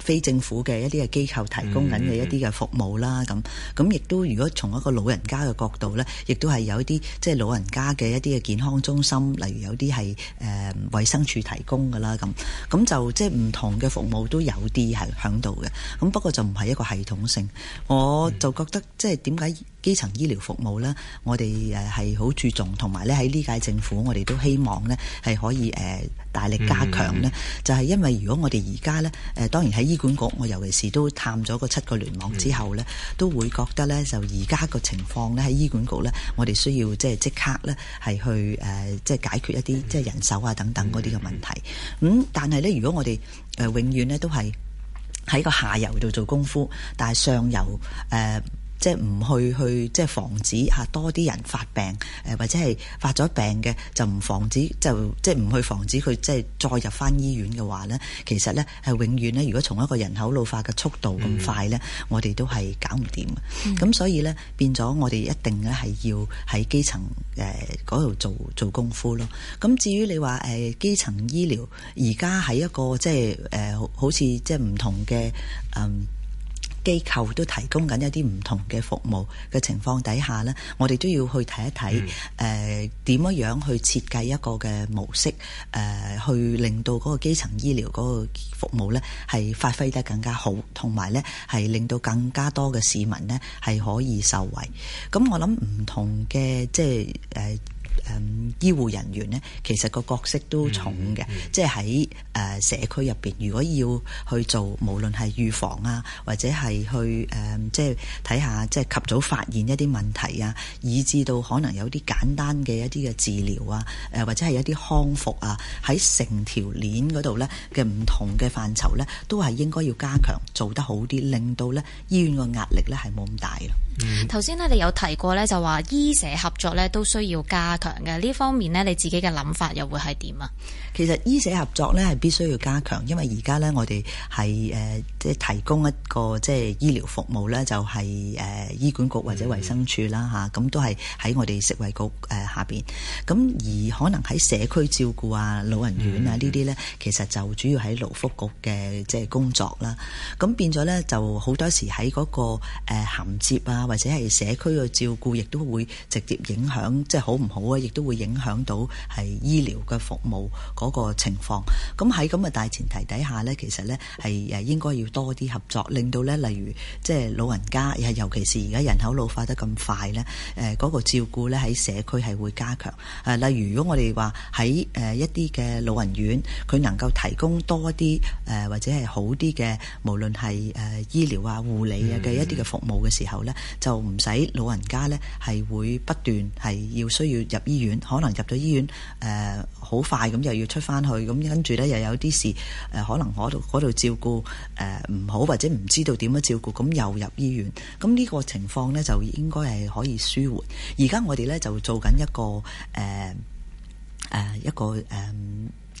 S7: 非政府嘅一啲嘅機構提供緊嘅一啲嘅服務啦，咁咁亦都如果從一個老人家嘅角度咧，亦都係有一啲即係老人家嘅一啲嘅健康中心，例如有啲係誒衛生署提供㗎啦，咁咁就即係唔同嘅服務都有啲係響度嘅，咁不過就唔係一個系統性，我就覺得即係點解？基層醫療服務呢，我哋誒係好注重，同埋咧喺呢屆政府，我哋都希望咧係可以誒大力加強咧、嗯嗯。就係、是、因為如果我哋而家咧誒，當然喺醫管局，我尤其是都探咗個七個聯網之後咧、嗯，都會覺得咧就而家個情況咧喺醫管局咧，我哋需要即係即刻咧係去誒，即係解決一啲即係人手啊等等嗰啲嘅問題。咁、嗯、但係咧，如果我哋永遠咧都係喺個下游度做功夫，但係上游誒。呃即係唔去去即係防止吓多啲人發病，呃、或者係發咗病嘅就唔防止，就即係唔去防止佢即係再入翻醫院嘅話咧，其實咧係永遠咧，如果從一個人口老化嘅速度咁快咧、嗯，我哋都係搞唔掂嘅。咁、嗯、所以咧變咗，我哋一定咧係要喺基層誒嗰度做做功夫咯。咁至於你話、呃、基層醫療而家係一個即係、呃、好似即係唔同嘅嗯。呃機構都提供緊一啲唔同嘅服務嘅情況底下呢，我哋都要去睇一睇，誒點樣樣去設計一個嘅模式，誒、呃、去令到嗰個基層醫療嗰個服務呢係發揮得更加好，同埋呢係令到更加多嘅市民呢係可以受惠。咁我諗唔同嘅即係誒。呃嗯，醫護人員呢其實個角色都重嘅，嗯嗯，即係喺、呃、社區入邊，如果要去做，無論係預防啊，或者係去誒、呃，即係睇下即係及早發現一啲問題啊，以至到可能有啲簡單嘅一啲嘅治療啊，呃，或者係一啲康復啊，喺成條鏈嗰度咧嘅唔同嘅範疇咧都係應該要加強做得好啲，令到咧醫院個壓力咧係冇咁大咯。
S6: 頭先、嗯、你有提過咧，就話醫社合作咧都需要加強。呢方面呢，你自己嘅諗法又會係點啊？
S7: 其實醫社合作呢係必須要加強，因為而家呢我哋係誒即係提供一個即係醫療服務呢就係、是、誒醫管局或者衛生署啦吓，咁、嗯、都係喺我哋食衛局誒下邊。咁而可能喺社區照顧啊、老人院啊呢啲呢，其實就主要喺勞福局嘅即係工作啦。咁變咗呢，就好多時喺嗰個誒銜接啊，或者係社區嘅照顧，亦都會直接影響即係、就是、好唔好啊！都會影響到係醫療嘅服務嗰個情況。咁喺咁嘅大前提底下呢，其實呢係誒應該要多啲合作，令到呢例如即係老人家，尤其是而家人口老化得咁快呢，誒嗰個照顧呢喺社區係會加強。誒例如如果我哋話喺誒一啲嘅老人院，佢能夠提供多啲誒或者係好啲嘅，無論係誒醫療啊、護理啊嘅一啲嘅服務嘅時候呢，mm -hmm. 就唔使老人家呢係會不斷係要需要入醫院可能入咗醫院，誒、呃，好快咁又要出翻去，咁跟住咧又有啲事，誒、呃，可能嗰度嗰度照顧誒唔好，或者唔知道點樣照顧，咁又入醫院，咁、這、呢個情況咧就應該係可以舒緩。而家我哋咧就做緊一個誒誒、呃呃、一個誒。呃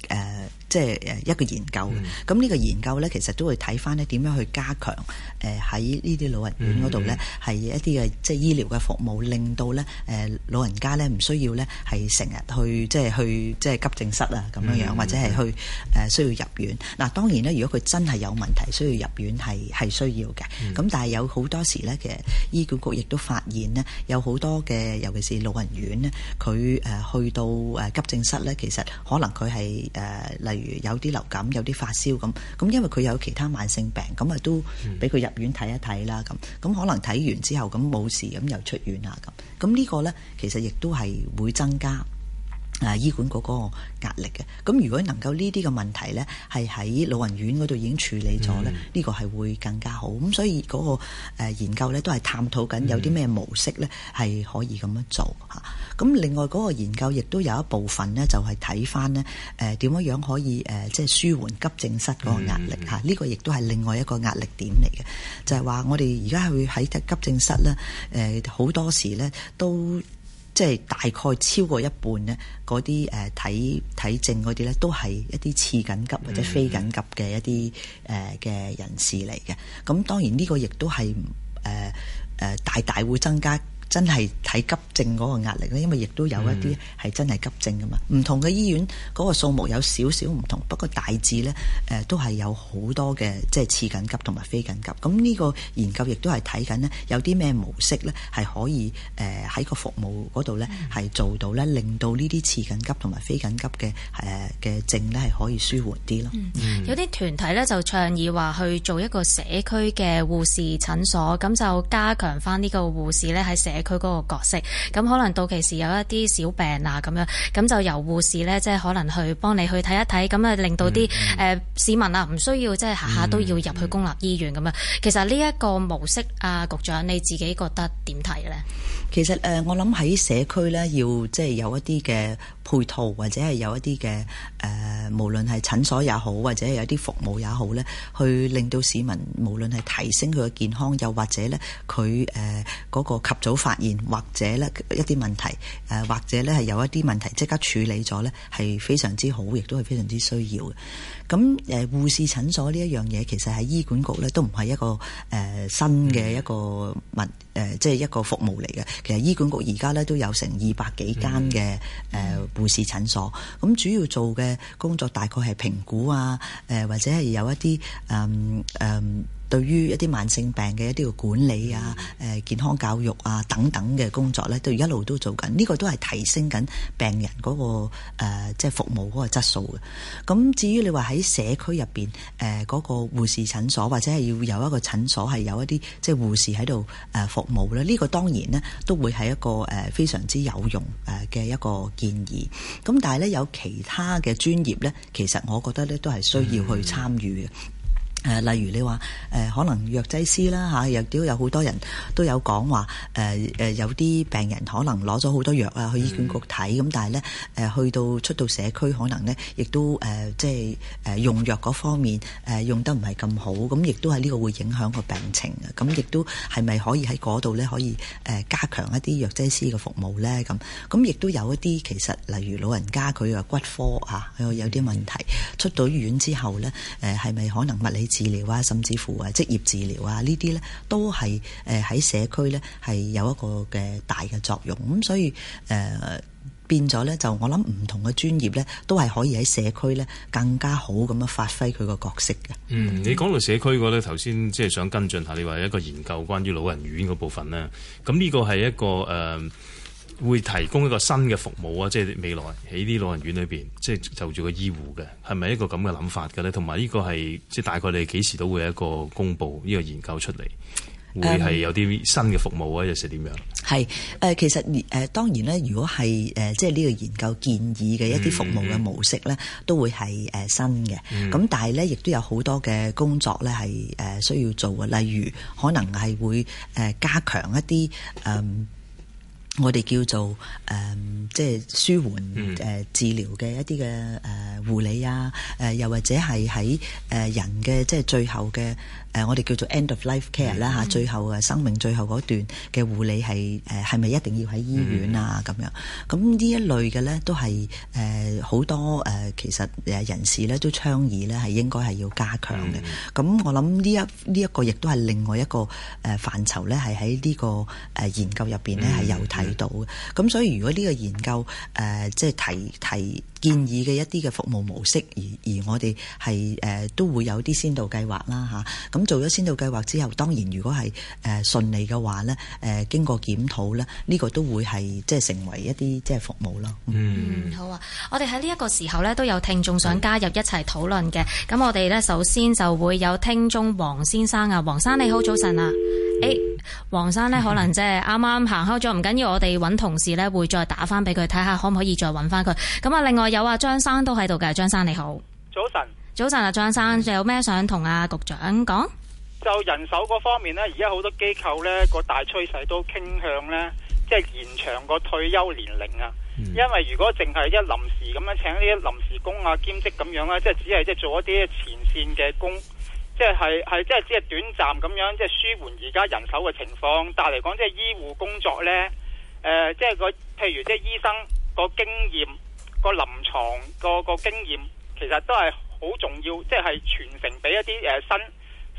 S7: 誒、呃，即係一個研究嘅。咁、嗯、呢、這個研究咧，其實都會睇返咧點樣去加強誒喺呢啲老人院嗰度咧，係、嗯嗯、一啲嘅即係醫療嘅服務，令到咧、呃、老人家咧唔需要咧係成日去即係去即係急症室啊咁樣樣、嗯嗯、或者係去、呃、需要入院。嗱、啊，當然咧，如果佢真係有問題需要入院，係係需要嘅。咁、嗯、但係有好多時咧，其實醫管局亦都發現呢，有好多嘅，尤其是老人院咧，佢、呃、去到誒、呃、急症室咧，其實可能佢係。誒，例如有啲流感，有啲發燒咁，咁因為佢有其他慢性病，咁啊都俾佢入院睇一睇啦，咁、嗯，咁可能睇完之後咁冇事，咁又出院啦咁，咁、咁、呢個呢，其實亦都係會增加。誒、啊、醫管局嗰個壓力嘅，咁如果能夠呢啲嘅問題呢，係喺老人院嗰度已經處理咗呢。呢、嗯，呢個係會更加好。咁所以嗰、那個、呃、研究呢，都係探討緊有啲咩模式呢，係、嗯、可以咁樣做嚇。咁另外嗰個研究亦都有一部分呢，就係睇翻呢誒點、呃、樣可以誒即係舒緩急症室嗰個壓力呢、嗯、啊呢個亦都係另外一個壓力點嚟嘅，就係、是、話我哋而家去喺急症室呢，誒、呃、好多時呢都。即係大概超過一半咧，嗰啲誒睇睇症嗰啲咧，都係一啲次緊急或者非緊急嘅一啲誒嘅人士嚟嘅。咁當然呢個亦都係誒誒大大會增加。真係睇急症嗰個壓力咧，因為亦都有一啲係真係急症噶嘛。唔同、嗯、嘅醫院嗰個數目有少少唔同，不過大致咧誒都係有好多嘅即係次緊急同埋非緊急。咁呢個研究亦都係睇緊咧有啲咩模式咧係可以誒喺個服務嗰度咧係做到咧，嗯、令到呢啲次緊急同埋非緊急嘅誒嘅症咧係可以舒緩啲咯。嗯嗯
S6: 有啲團體咧就倡議話去做一個社區嘅護士診所，咁就加強翻呢個護士咧喺社。佢嗰個角色，咁可能到期時有一啲小病啊，咁樣咁就由護士呢，即係可能去幫你去睇一睇，咁啊令到啲誒、嗯嗯呃、市民啊唔需要即係下下都要入去公立醫院咁啊、嗯嗯。其實呢一個模式啊，局長你自己覺得點睇呢？
S7: 其實誒、呃，我諗喺社區呢，要即係有一啲嘅。配套或者係有一啲嘅誒，無論係診所也好，或者係有一啲服務也好呢，去令到市民無論係提升佢嘅健康，又或者呢，佢誒嗰個及早發現，或者呢一啲問題，誒、呃、或者呢係有一啲問題即刻處理咗呢，係非常之好，亦都係非常之需要嘅。咁誒、呃、護士診所呢一樣嘢，其實喺醫管局咧都唔係一個誒、呃、新嘅一個物、呃、即係一個服務嚟嘅。其實醫管局而家咧都有成二百幾間嘅誒、呃、護士診所，咁主要做嘅工作大概係評估啊，呃、或者係有一啲誒、嗯嗯對於一啲慢性病嘅一啲嘅管理啊、健康教育啊等等嘅工作呢，一都一路都做緊。呢個都係提升緊病人嗰個即係服務嗰個質素嘅。咁至於你話喺社區入面嗰個護士診所，或者係要有一個診所係有一啲即係護士喺度服務咧，呢個當然呢都會係一個非常之有用誒嘅一個建議。咁但係呢，有其他嘅專業呢，其實我覺得呢都係需要去參與嘅。嗯誒，例如你話誒、呃，可能藥劑師啦嚇，屌、啊、有好多人都有講話誒有啲病人可能攞咗好多藥啊，去醫管局睇咁，但係咧去到出到社區可能咧，亦都誒、呃，即係誒、呃、用藥嗰方面誒、呃、用得唔係咁好，咁亦都係呢個會影響個病情，咁亦都係咪可以喺嗰度咧可以誒加強一啲藥劑師嘅服務咧？咁咁亦都有一啲其實，例如老人家佢又骨科嚇，佢、啊、有啲問題出到醫院之後咧，係、呃、咪可能物理治療啊，甚至乎誒職業治療啊，呢啲呢都係誒喺社區呢係有一個嘅大嘅作用咁，所以誒、呃、變咗呢，就我諗唔同嘅專業呢都係可以喺社區呢更加好咁樣發揮佢個角色嘅。嗯，
S5: 你講到社區嗰呢，頭先即係想跟進下，你話一個研究關於老人院嗰部分呢。咁呢個係一個誒。呃會提供一個新嘅服務啊！即係未來喺啲老人院裏邊，即係就住個醫護嘅，係咪一個咁嘅諗法嘅咧？同埋呢個係即係大概你幾時都會有一個公佈呢、這個研究出嚟，會係有啲新嘅服務啊、嗯，又係點樣？
S7: 係誒、呃，其實誒、呃、當然咧，如果係誒、呃、即係呢個研究建議嘅一啲服務嘅模式咧、嗯，都會係誒、呃、新嘅。咁、嗯、但係咧，亦都有好多嘅工作咧係誒需要做嘅，例如可能係會誒加強一啲誒。呃我哋叫做誒、嗯、即係舒緩誒、呃、治療嘅一啲嘅誒護理啊，誒、呃、又或者係喺誒人嘅即係最後嘅誒、呃、我哋叫做 end of life care 啦、嗯、吓最後誒生命最後嗰段嘅護理係誒係咪一定要喺醫院啊？咁、嗯、樣咁呢一類嘅咧都係誒好多誒、呃、其實誒人士咧都倡議咧係應該係要加強嘅。咁、嗯、我諗呢一呢一個亦都係另外一個誒範疇咧，係喺呢個誒研究入邊咧係有。睇到咁所以如果呢個研究誒、呃，即係提提建議嘅一啲嘅服務模式，而而我哋係誒都會有啲先導計劃啦嚇。咁、啊、做咗先導計劃之後，當然如果係誒順利嘅話咧，誒、呃、經過檢討咧，呢、這個都會係即係成為一啲即係服務咯、嗯。嗯，
S6: 好啊，我哋喺呢一個時候咧都有聽眾想加入一齊討論嘅，咁我哋呢首先就會有聽眾黃先生啊，黃生你好，早晨啊，誒、欸、黃生呢可能即係啱啱行開咗，唔緊要。我哋揾同事咧，會再打翻俾佢睇下，看看可唔可以再揾翻佢？咁啊，另外有啊，張生都喺度嘅，張生你好，早晨，早晨啊，張生仲有咩想同阿局長講？
S8: 就人手嗰方面呢，而家好多機構呢個大趨勢都傾向呢，即係延長個退休年齡啊、嗯。因為如果淨係一臨時咁樣請啲臨時工啊、兼職咁樣啊，即係只係即係做一啲前綫嘅工，即係係即係只係短暫咁樣，即係舒緩而家人手嘅情況。但係嚟講，即係醫護工作呢。誒、呃，即係個譬如，即係醫生個經驗個臨床個個經驗，其實都係好重要，即係傳承俾一啲誒新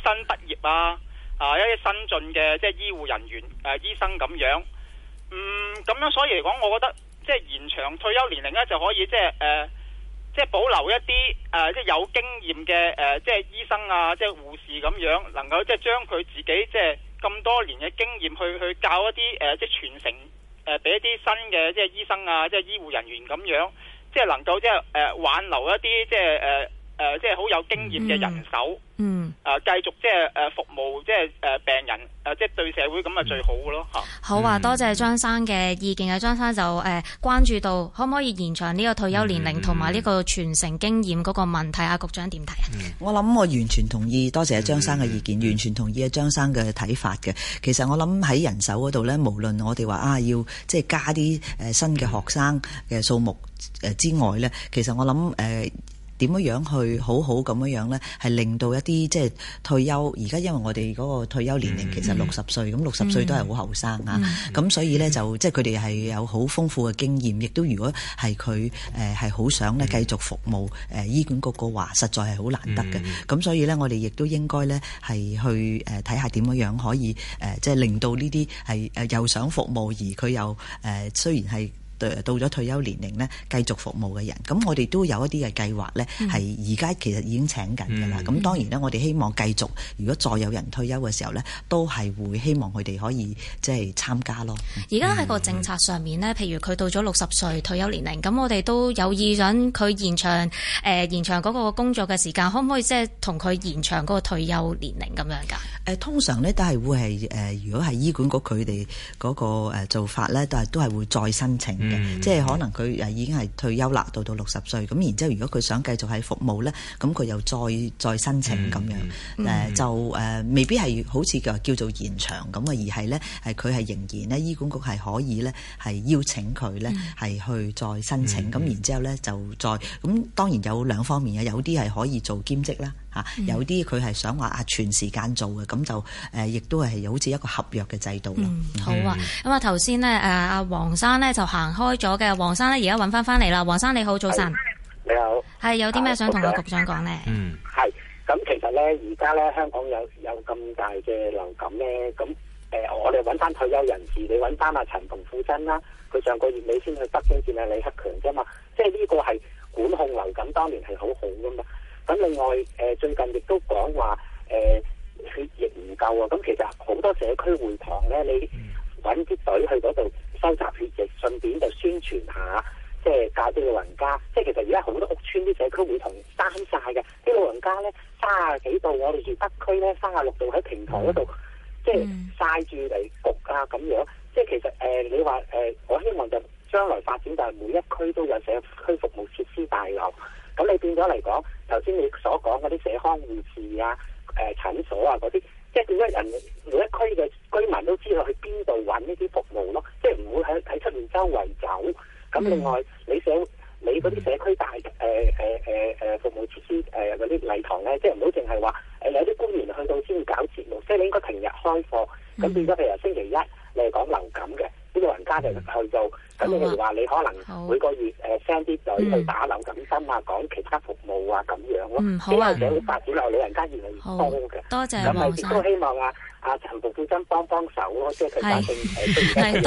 S8: 新畢業啊、啊一啲新進嘅即係醫護人員誒、啊、醫生咁樣。嗯，咁樣所以嚟講，我覺得即係延長退休年齡咧，就可以即係誒，即係保留一啲誒即係有經驗嘅誒即係醫生啊，即係護士咁樣，能夠即係將佢自己即係咁多年嘅經驗去去教一啲誒即係傳承。誒、呃，俾一啲新嘅即係醫生啊，即係醫護人員咁樣，即係能夠，即係誒，挽留一啲即係誒。呃誒、呃，即係好有經驗嘅人手，嗯，誒、嗯，繼、呃、續即係誒服務，即係誒病人，誒、呃，即係對社會咁啊最好嘅咯、嗯、好話、啊、多
S6: 謝張生嘅意見啊，張、嗯、生就誒、呃、關注到可唔可以延長呢個退休年齡同埋呢個傳承經驗嗰個問題、嗯、啊，局長點睇啊？
S7: 我諗我完全同意，多謝阿張生嘅意見、嗯，完全同意阿張生嘅睇法嘅。其實我諗喺人手嗰度呢，無論我哋話啊要即係加啲誒新嘅學生嘅數目誒之外呢，其實我諗誒。呃點樣樣去好好咁樣樣呢，係令到一啲即係退休。而家因為我哋嗰個退休年齡其實六十歲，咁六十歲都係好後生啊。咁、mm -hmm. 所以呢，就即係佢哋係有好豐富嘅經驗，亦都如果係佢誒係好想呢繼續服務誒、mm -hmm. 呃、醫管局個話，實在係好難得嘅。咁、mm -hmm. 所以呢，我哋亦都應該呢係去誒睇下點樣樣可以誒、呃，即係令到呢啲係誒又想服務而佢又誒、呃、雖然係。到咗退休年齡呢，繼續服務嘅人，咁我哋都有一啲嘅計劃呢，係而家其實已經請緊㗎啦。咁、嗯、當然呢我哋希望繼續，如果再有人退休嘅時候呢，都係會希望佢哋可以即係、就是、參加咯。而家喺個
S6: 政策上面呢、嗯，譬如佢到咗六十歲退休年齡，咁我哋都有意想佢延長、呃、延長嗰個工作嘅時間，可唔可以即係同佢延長嗰個退休年齡咁樣㗎、呃？
S7: 通常呢，都係會係、呃、如果係醫管局佢哋嗰個、呃、做法呢，都係都係會再申請。嗯嗯、即係可能佢誒已經係退休啦，到到六十歲咁，然之後如果佢想繼續係服務咧，咁佢又再再申請咁樣誒，就誒、呃、未必係好似叫叫做延長咁啊，而係咧係佢係仍然咧，醫管局係可以咧係邀請佢咧係去再申請，咁、嗯、然之後咧就再咁，當然有兩方面嘅，有啲係可以做兼職啦。嚇、嗯，有啲佢係想話啊，全時間做嘅，咁就誒，亦都係好似一個合約嘅制度
S6: 啦、嗯。好啊，咁、嗯、啊頭先咧，誒阿黃生咧就行開咗嘅，黃生咧而家揾翻翻嚟啦。黃生你好，早晨，
S2: 你好，係有啲咩、啊、想同阿局長講咧？嗯，係，咁其實咧，而家咧香港有有咁大嘅流感咧，咁誒、呃，我哋揾翻退休人士，你揾翻阿陳馮富珍啦，佢上個月尾先去北京見下李克強啫嘛，即係呢個係管控流感當年係好好噶嘛。咁另外，誒、呃、最近亦都講話，誒、呃、血液唔夠啊！咁其實好多社區會堂咧，你揾啲隊去嗰度收集血液，順便就宣傳下，即係教啲老人家。即係其實而家好多屋村啲社區會堂閂晒嘅啲老人家咧，三十幾度，我哋住北區咧，三十六度喺平台嗰度，即係晒住嚟焗啊咁樣。即係其實誒、呃，你話誒、呃，我希望就，將來發展就係每一區都有社區服務設施大樓，咁你變咗嚟講，頭先你所講嗰啲社康護士啊、誒、呃、診所啊嗰啲，即係變咗人每一區嘅居民都知道去邊度揾呢啲服務咯，即係唔會喺喺出面周圍走。咁另外你，你想你嗰啲社區大誒誒誒誒服務設施誒嗰啲禮堂咧，即係唔好淨係話誒有啲官員去到先搞節目，即係你應該平日開課。咁變咗，譬如星期一你講流感嘅。啲老人家就去做，咁你譬如話，你可能每個月誒 send 啲去去打流感針啊，講、mm. 其他服務啊咁、mm. 樣咯。啲老、mm. 人家會發小樓，老人家越嚟越多嘅。多謝黃生，都希望阿、啊、阿、啊、陳富建幫幫手咯，即係佢發係係係。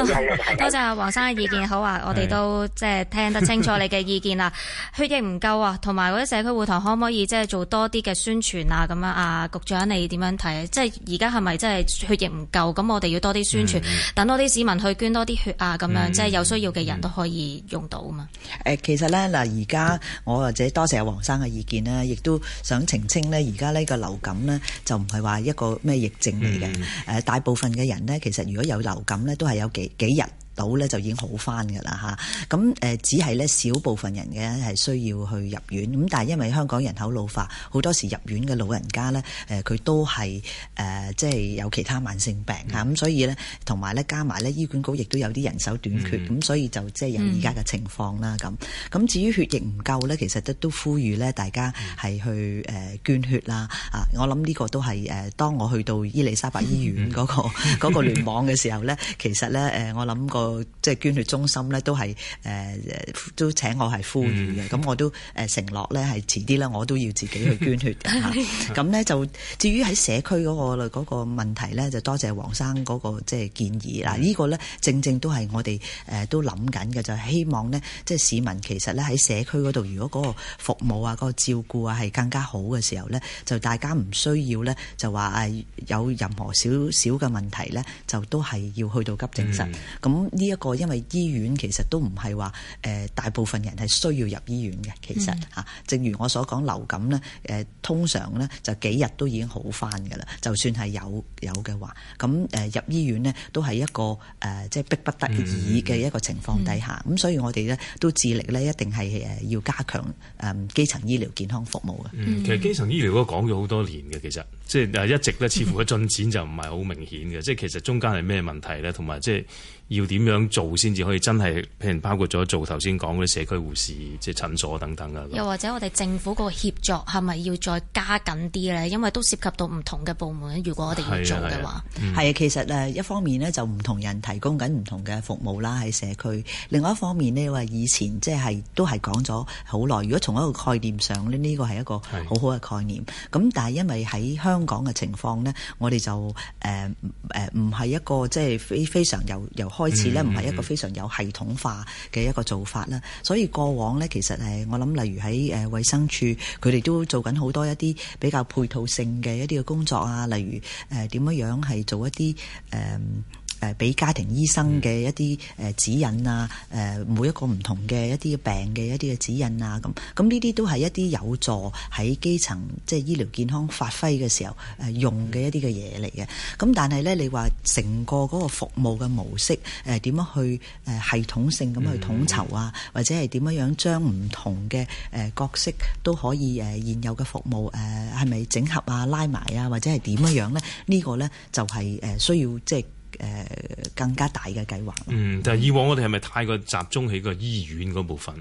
S2: 多謝
S6: 阿黃生嘅意見， 好啊！我哋都即係聽得清楚你嘅意見啦。血液唔夠啊，同埋嗰啲社區會堂可唔可以即係做多啲嘅宣傳啊？咁樣啊，局長你點樣睇？即係而家係咪即係血液唔夠？咁我哋要多啲宣傳，mm. 等多啲市民去捐。多啲血啊，咁、嗯、樣即係有需要嘅人都可以用到啊嘛。誒、嗯
S7: 嗯，其實咧嗱，而家我或者多謝阿黃生嘅意見咧，亦都想澄清咧，而家呢個流感咧就唔係話一個咩疫症嚟嘅。誒、嗯呃，大部分嘅人咧，其實如果有流感咧，都係有幾幾日，到咧就已經好翻㗎啦嚇，咁誒只係咧少部分人嘅係需要去入院。咁但係因為香港人口老化，好多時入院嘅老人家咧誒佢都係誒即係有其他慢性病嚇，咁、嗯、所以咧同埋咧加埋咧醫管局亦都有啲人手短缺，咁、嗯、所以就即係有而家嘅情況啦咁。咁、嗯、至於血液唔夠咧，其實都都呼籲咧大家係去誒捐血啦啊、嗯！我諗呢個都係誒當我去到伊利沙伯醫院嗰、那個嗰、嗯嗯、 個聯網嘅時候咧，其實咧誒我諗個。即係捐血中心咧，都係誒、呃，都請我係呼籲嘅。咁、嗯、我都誒承諾咧，係遲啲咧，我都要自己去捐血嘅。咁 咧就至於喺社區嗰個嗰個問題咧，就多謝黃生嗰個即係建議嗱，依、嗯呢個咧正正都係我哋誒都諗緊嘅，就係希望咧即係市民其實咧喺社區嗰度，如果嗰個服務啊、嗰、嗰個照顧啊係更加好嘅時候咧，就大家唔需要咧就話誒有任何少少嘅問題咧，就都係要去到急症室咁。嗯呢一個因為醫院其實都唔係話誒，大部分人係需要入醫院嘅。其實嚇、嗯，正如我所講，流感咧誒，通常咧就幾日都已經好翻㗎啦。就算係有有嘅話，咁誒入醫院咧都係一個誒，即係迫不得已嘅一個情況底下咁、嗯，所以我哋咧都致力咧一定係誒要加強誒基層醫療健康服務嘅。嗯，其實基
S5: 層醫療都講咗好多年嘅，其實即係一直咧，似乎嘅進展就唔係好明顯嘅。即、嗯、係其實中間係咩問題咧，同埋即係。要點樣做先至可以真係，譬如包括咗做頭先講嗰啲社區護士，即係診所等等
S7: 啊。
S6: 又或者我哋政府個協助係咪要再加緊啲咧？因為都涉及到唔同嘅部門。如果我哋要做嘅話，係
S7: 啊、嗯，其實誒，一方面咧就唔同人提供緊唔同嘅服務啦，喺社區。另外一方面呢，話以前即係都係講咗好耐。如果從一個概念上呢，呢個係一個好好嘅概念。咁但係因為喺香港嘅情況呢，我哋就誒誒唔係一個即係非非常有有開始咧，唔係一個非常有系統化嘅一個做法啦。所以過往呢，其實誒，我諗例如喺誒衞生署，佢哋都做緊好多一啲比較配套性嘅一啲嘅工作啊，例如誒點、呃、樣樣係做一啲誒。呃誒俾家庭醫生嘅一啲誒指引啊，誒、嗯、每一個唔同嘅一啲病嘅一啲嘅指引啊，咁咁呢啲都係一啲有助喺基層即係醫療健康發揮嘅時候、嗯、用嘅一啲嘅嘢嚟嘅。咁但係咧，你話成個嗰個服務嘅模式誒點樣去系統性咁去統籌啊、嗯，或者係點樣樣將唔同嘅誒、呃、角色都可以誒、呃、現有嘅服務誒係咪整合啊拉埋啊，或者係點樣樣呢？咧、這個？呢個咧就係、是呃、需要即係。誒，更加大嘅計劃。嗯，
S5: 但係以往我哋係咪太過集中喺個醫院嗰部分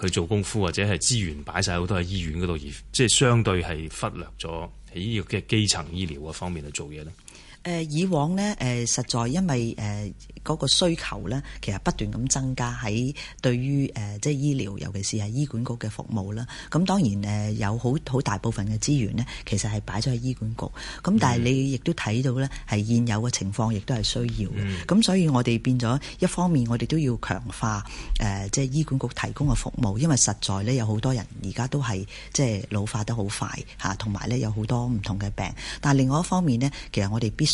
S5: 去做功夫，或者係資源擺晒好多喺醫院嗰度，而即係相對係忽略咗喺呢個嘅基層醫療嘅方面去做嘢咧？
S7: 誒以往呢，誒實在因為誒嗰個需求呢，其實不斷咁增加喺對於誒即係醫療，尤其是係醫管局嘅服務啦。咁當然誒有好好大部分嘅資源呢，其實係擺咗喺醫管局。咁但係你亦都睇到呢，係現有嘅情況，亦都係需要嘅。咁所以我哋變咗一方面，我哋都要強化誒即係醫管局提供嘅服務，因為實在呢，有好多人而家都係即係老化得好快嚇，同埋呢有好多唔同嘅病。但係另外一方面呢，其實我哋必須。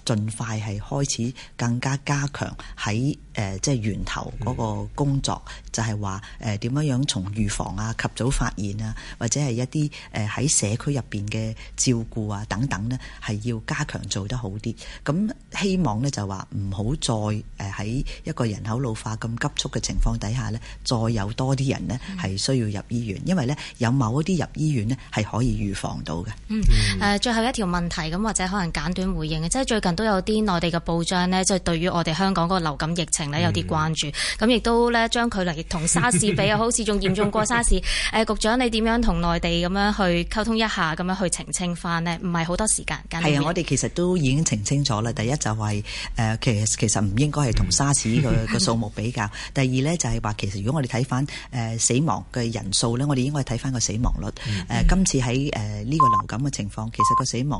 S7: 盡快係開始更加加強喺誒即係源頭嗰個工作，嗯、就係話誒點樣樣從預防啊、及早發現啊，或者係一啲誒喺社區入邊嘅照顧啊等等咧，係要加強做得好啲。咁希望咧就話唔好再誒喺一個人口老化咁急速嘅情況底下咧，再有多啲人咧係需要入醫院，嗯，因為咧有某一啲入醫院咧係可以預防到嘅。嗯
S6: 誒最後一條問題，咁，或者可能簡短回應嘅，即係最近。都有啲內地嘅報章呢，即係對於我哋香港嗰個流感疫情呢，有啲關注，咁亦都呢將佢嚟同沙士比啊，好似仲 嚴重過沙士。誒，局長你點樣同內地咁樣去溝通一下，咁樣去澄清翻呢？唔係好多時間。係啊，我哋
S7: 其實都已經澄清咗啦。第一就係誒，其實其實唔應該係同沙士嘅數目比較。 第二呢，就係話，其實如果我哋睇翻誒死亡嘅人數呢，我哋應該睇翻個死亡率。誒，今次喺誒呢個流感嘅情況，其實個死亡率。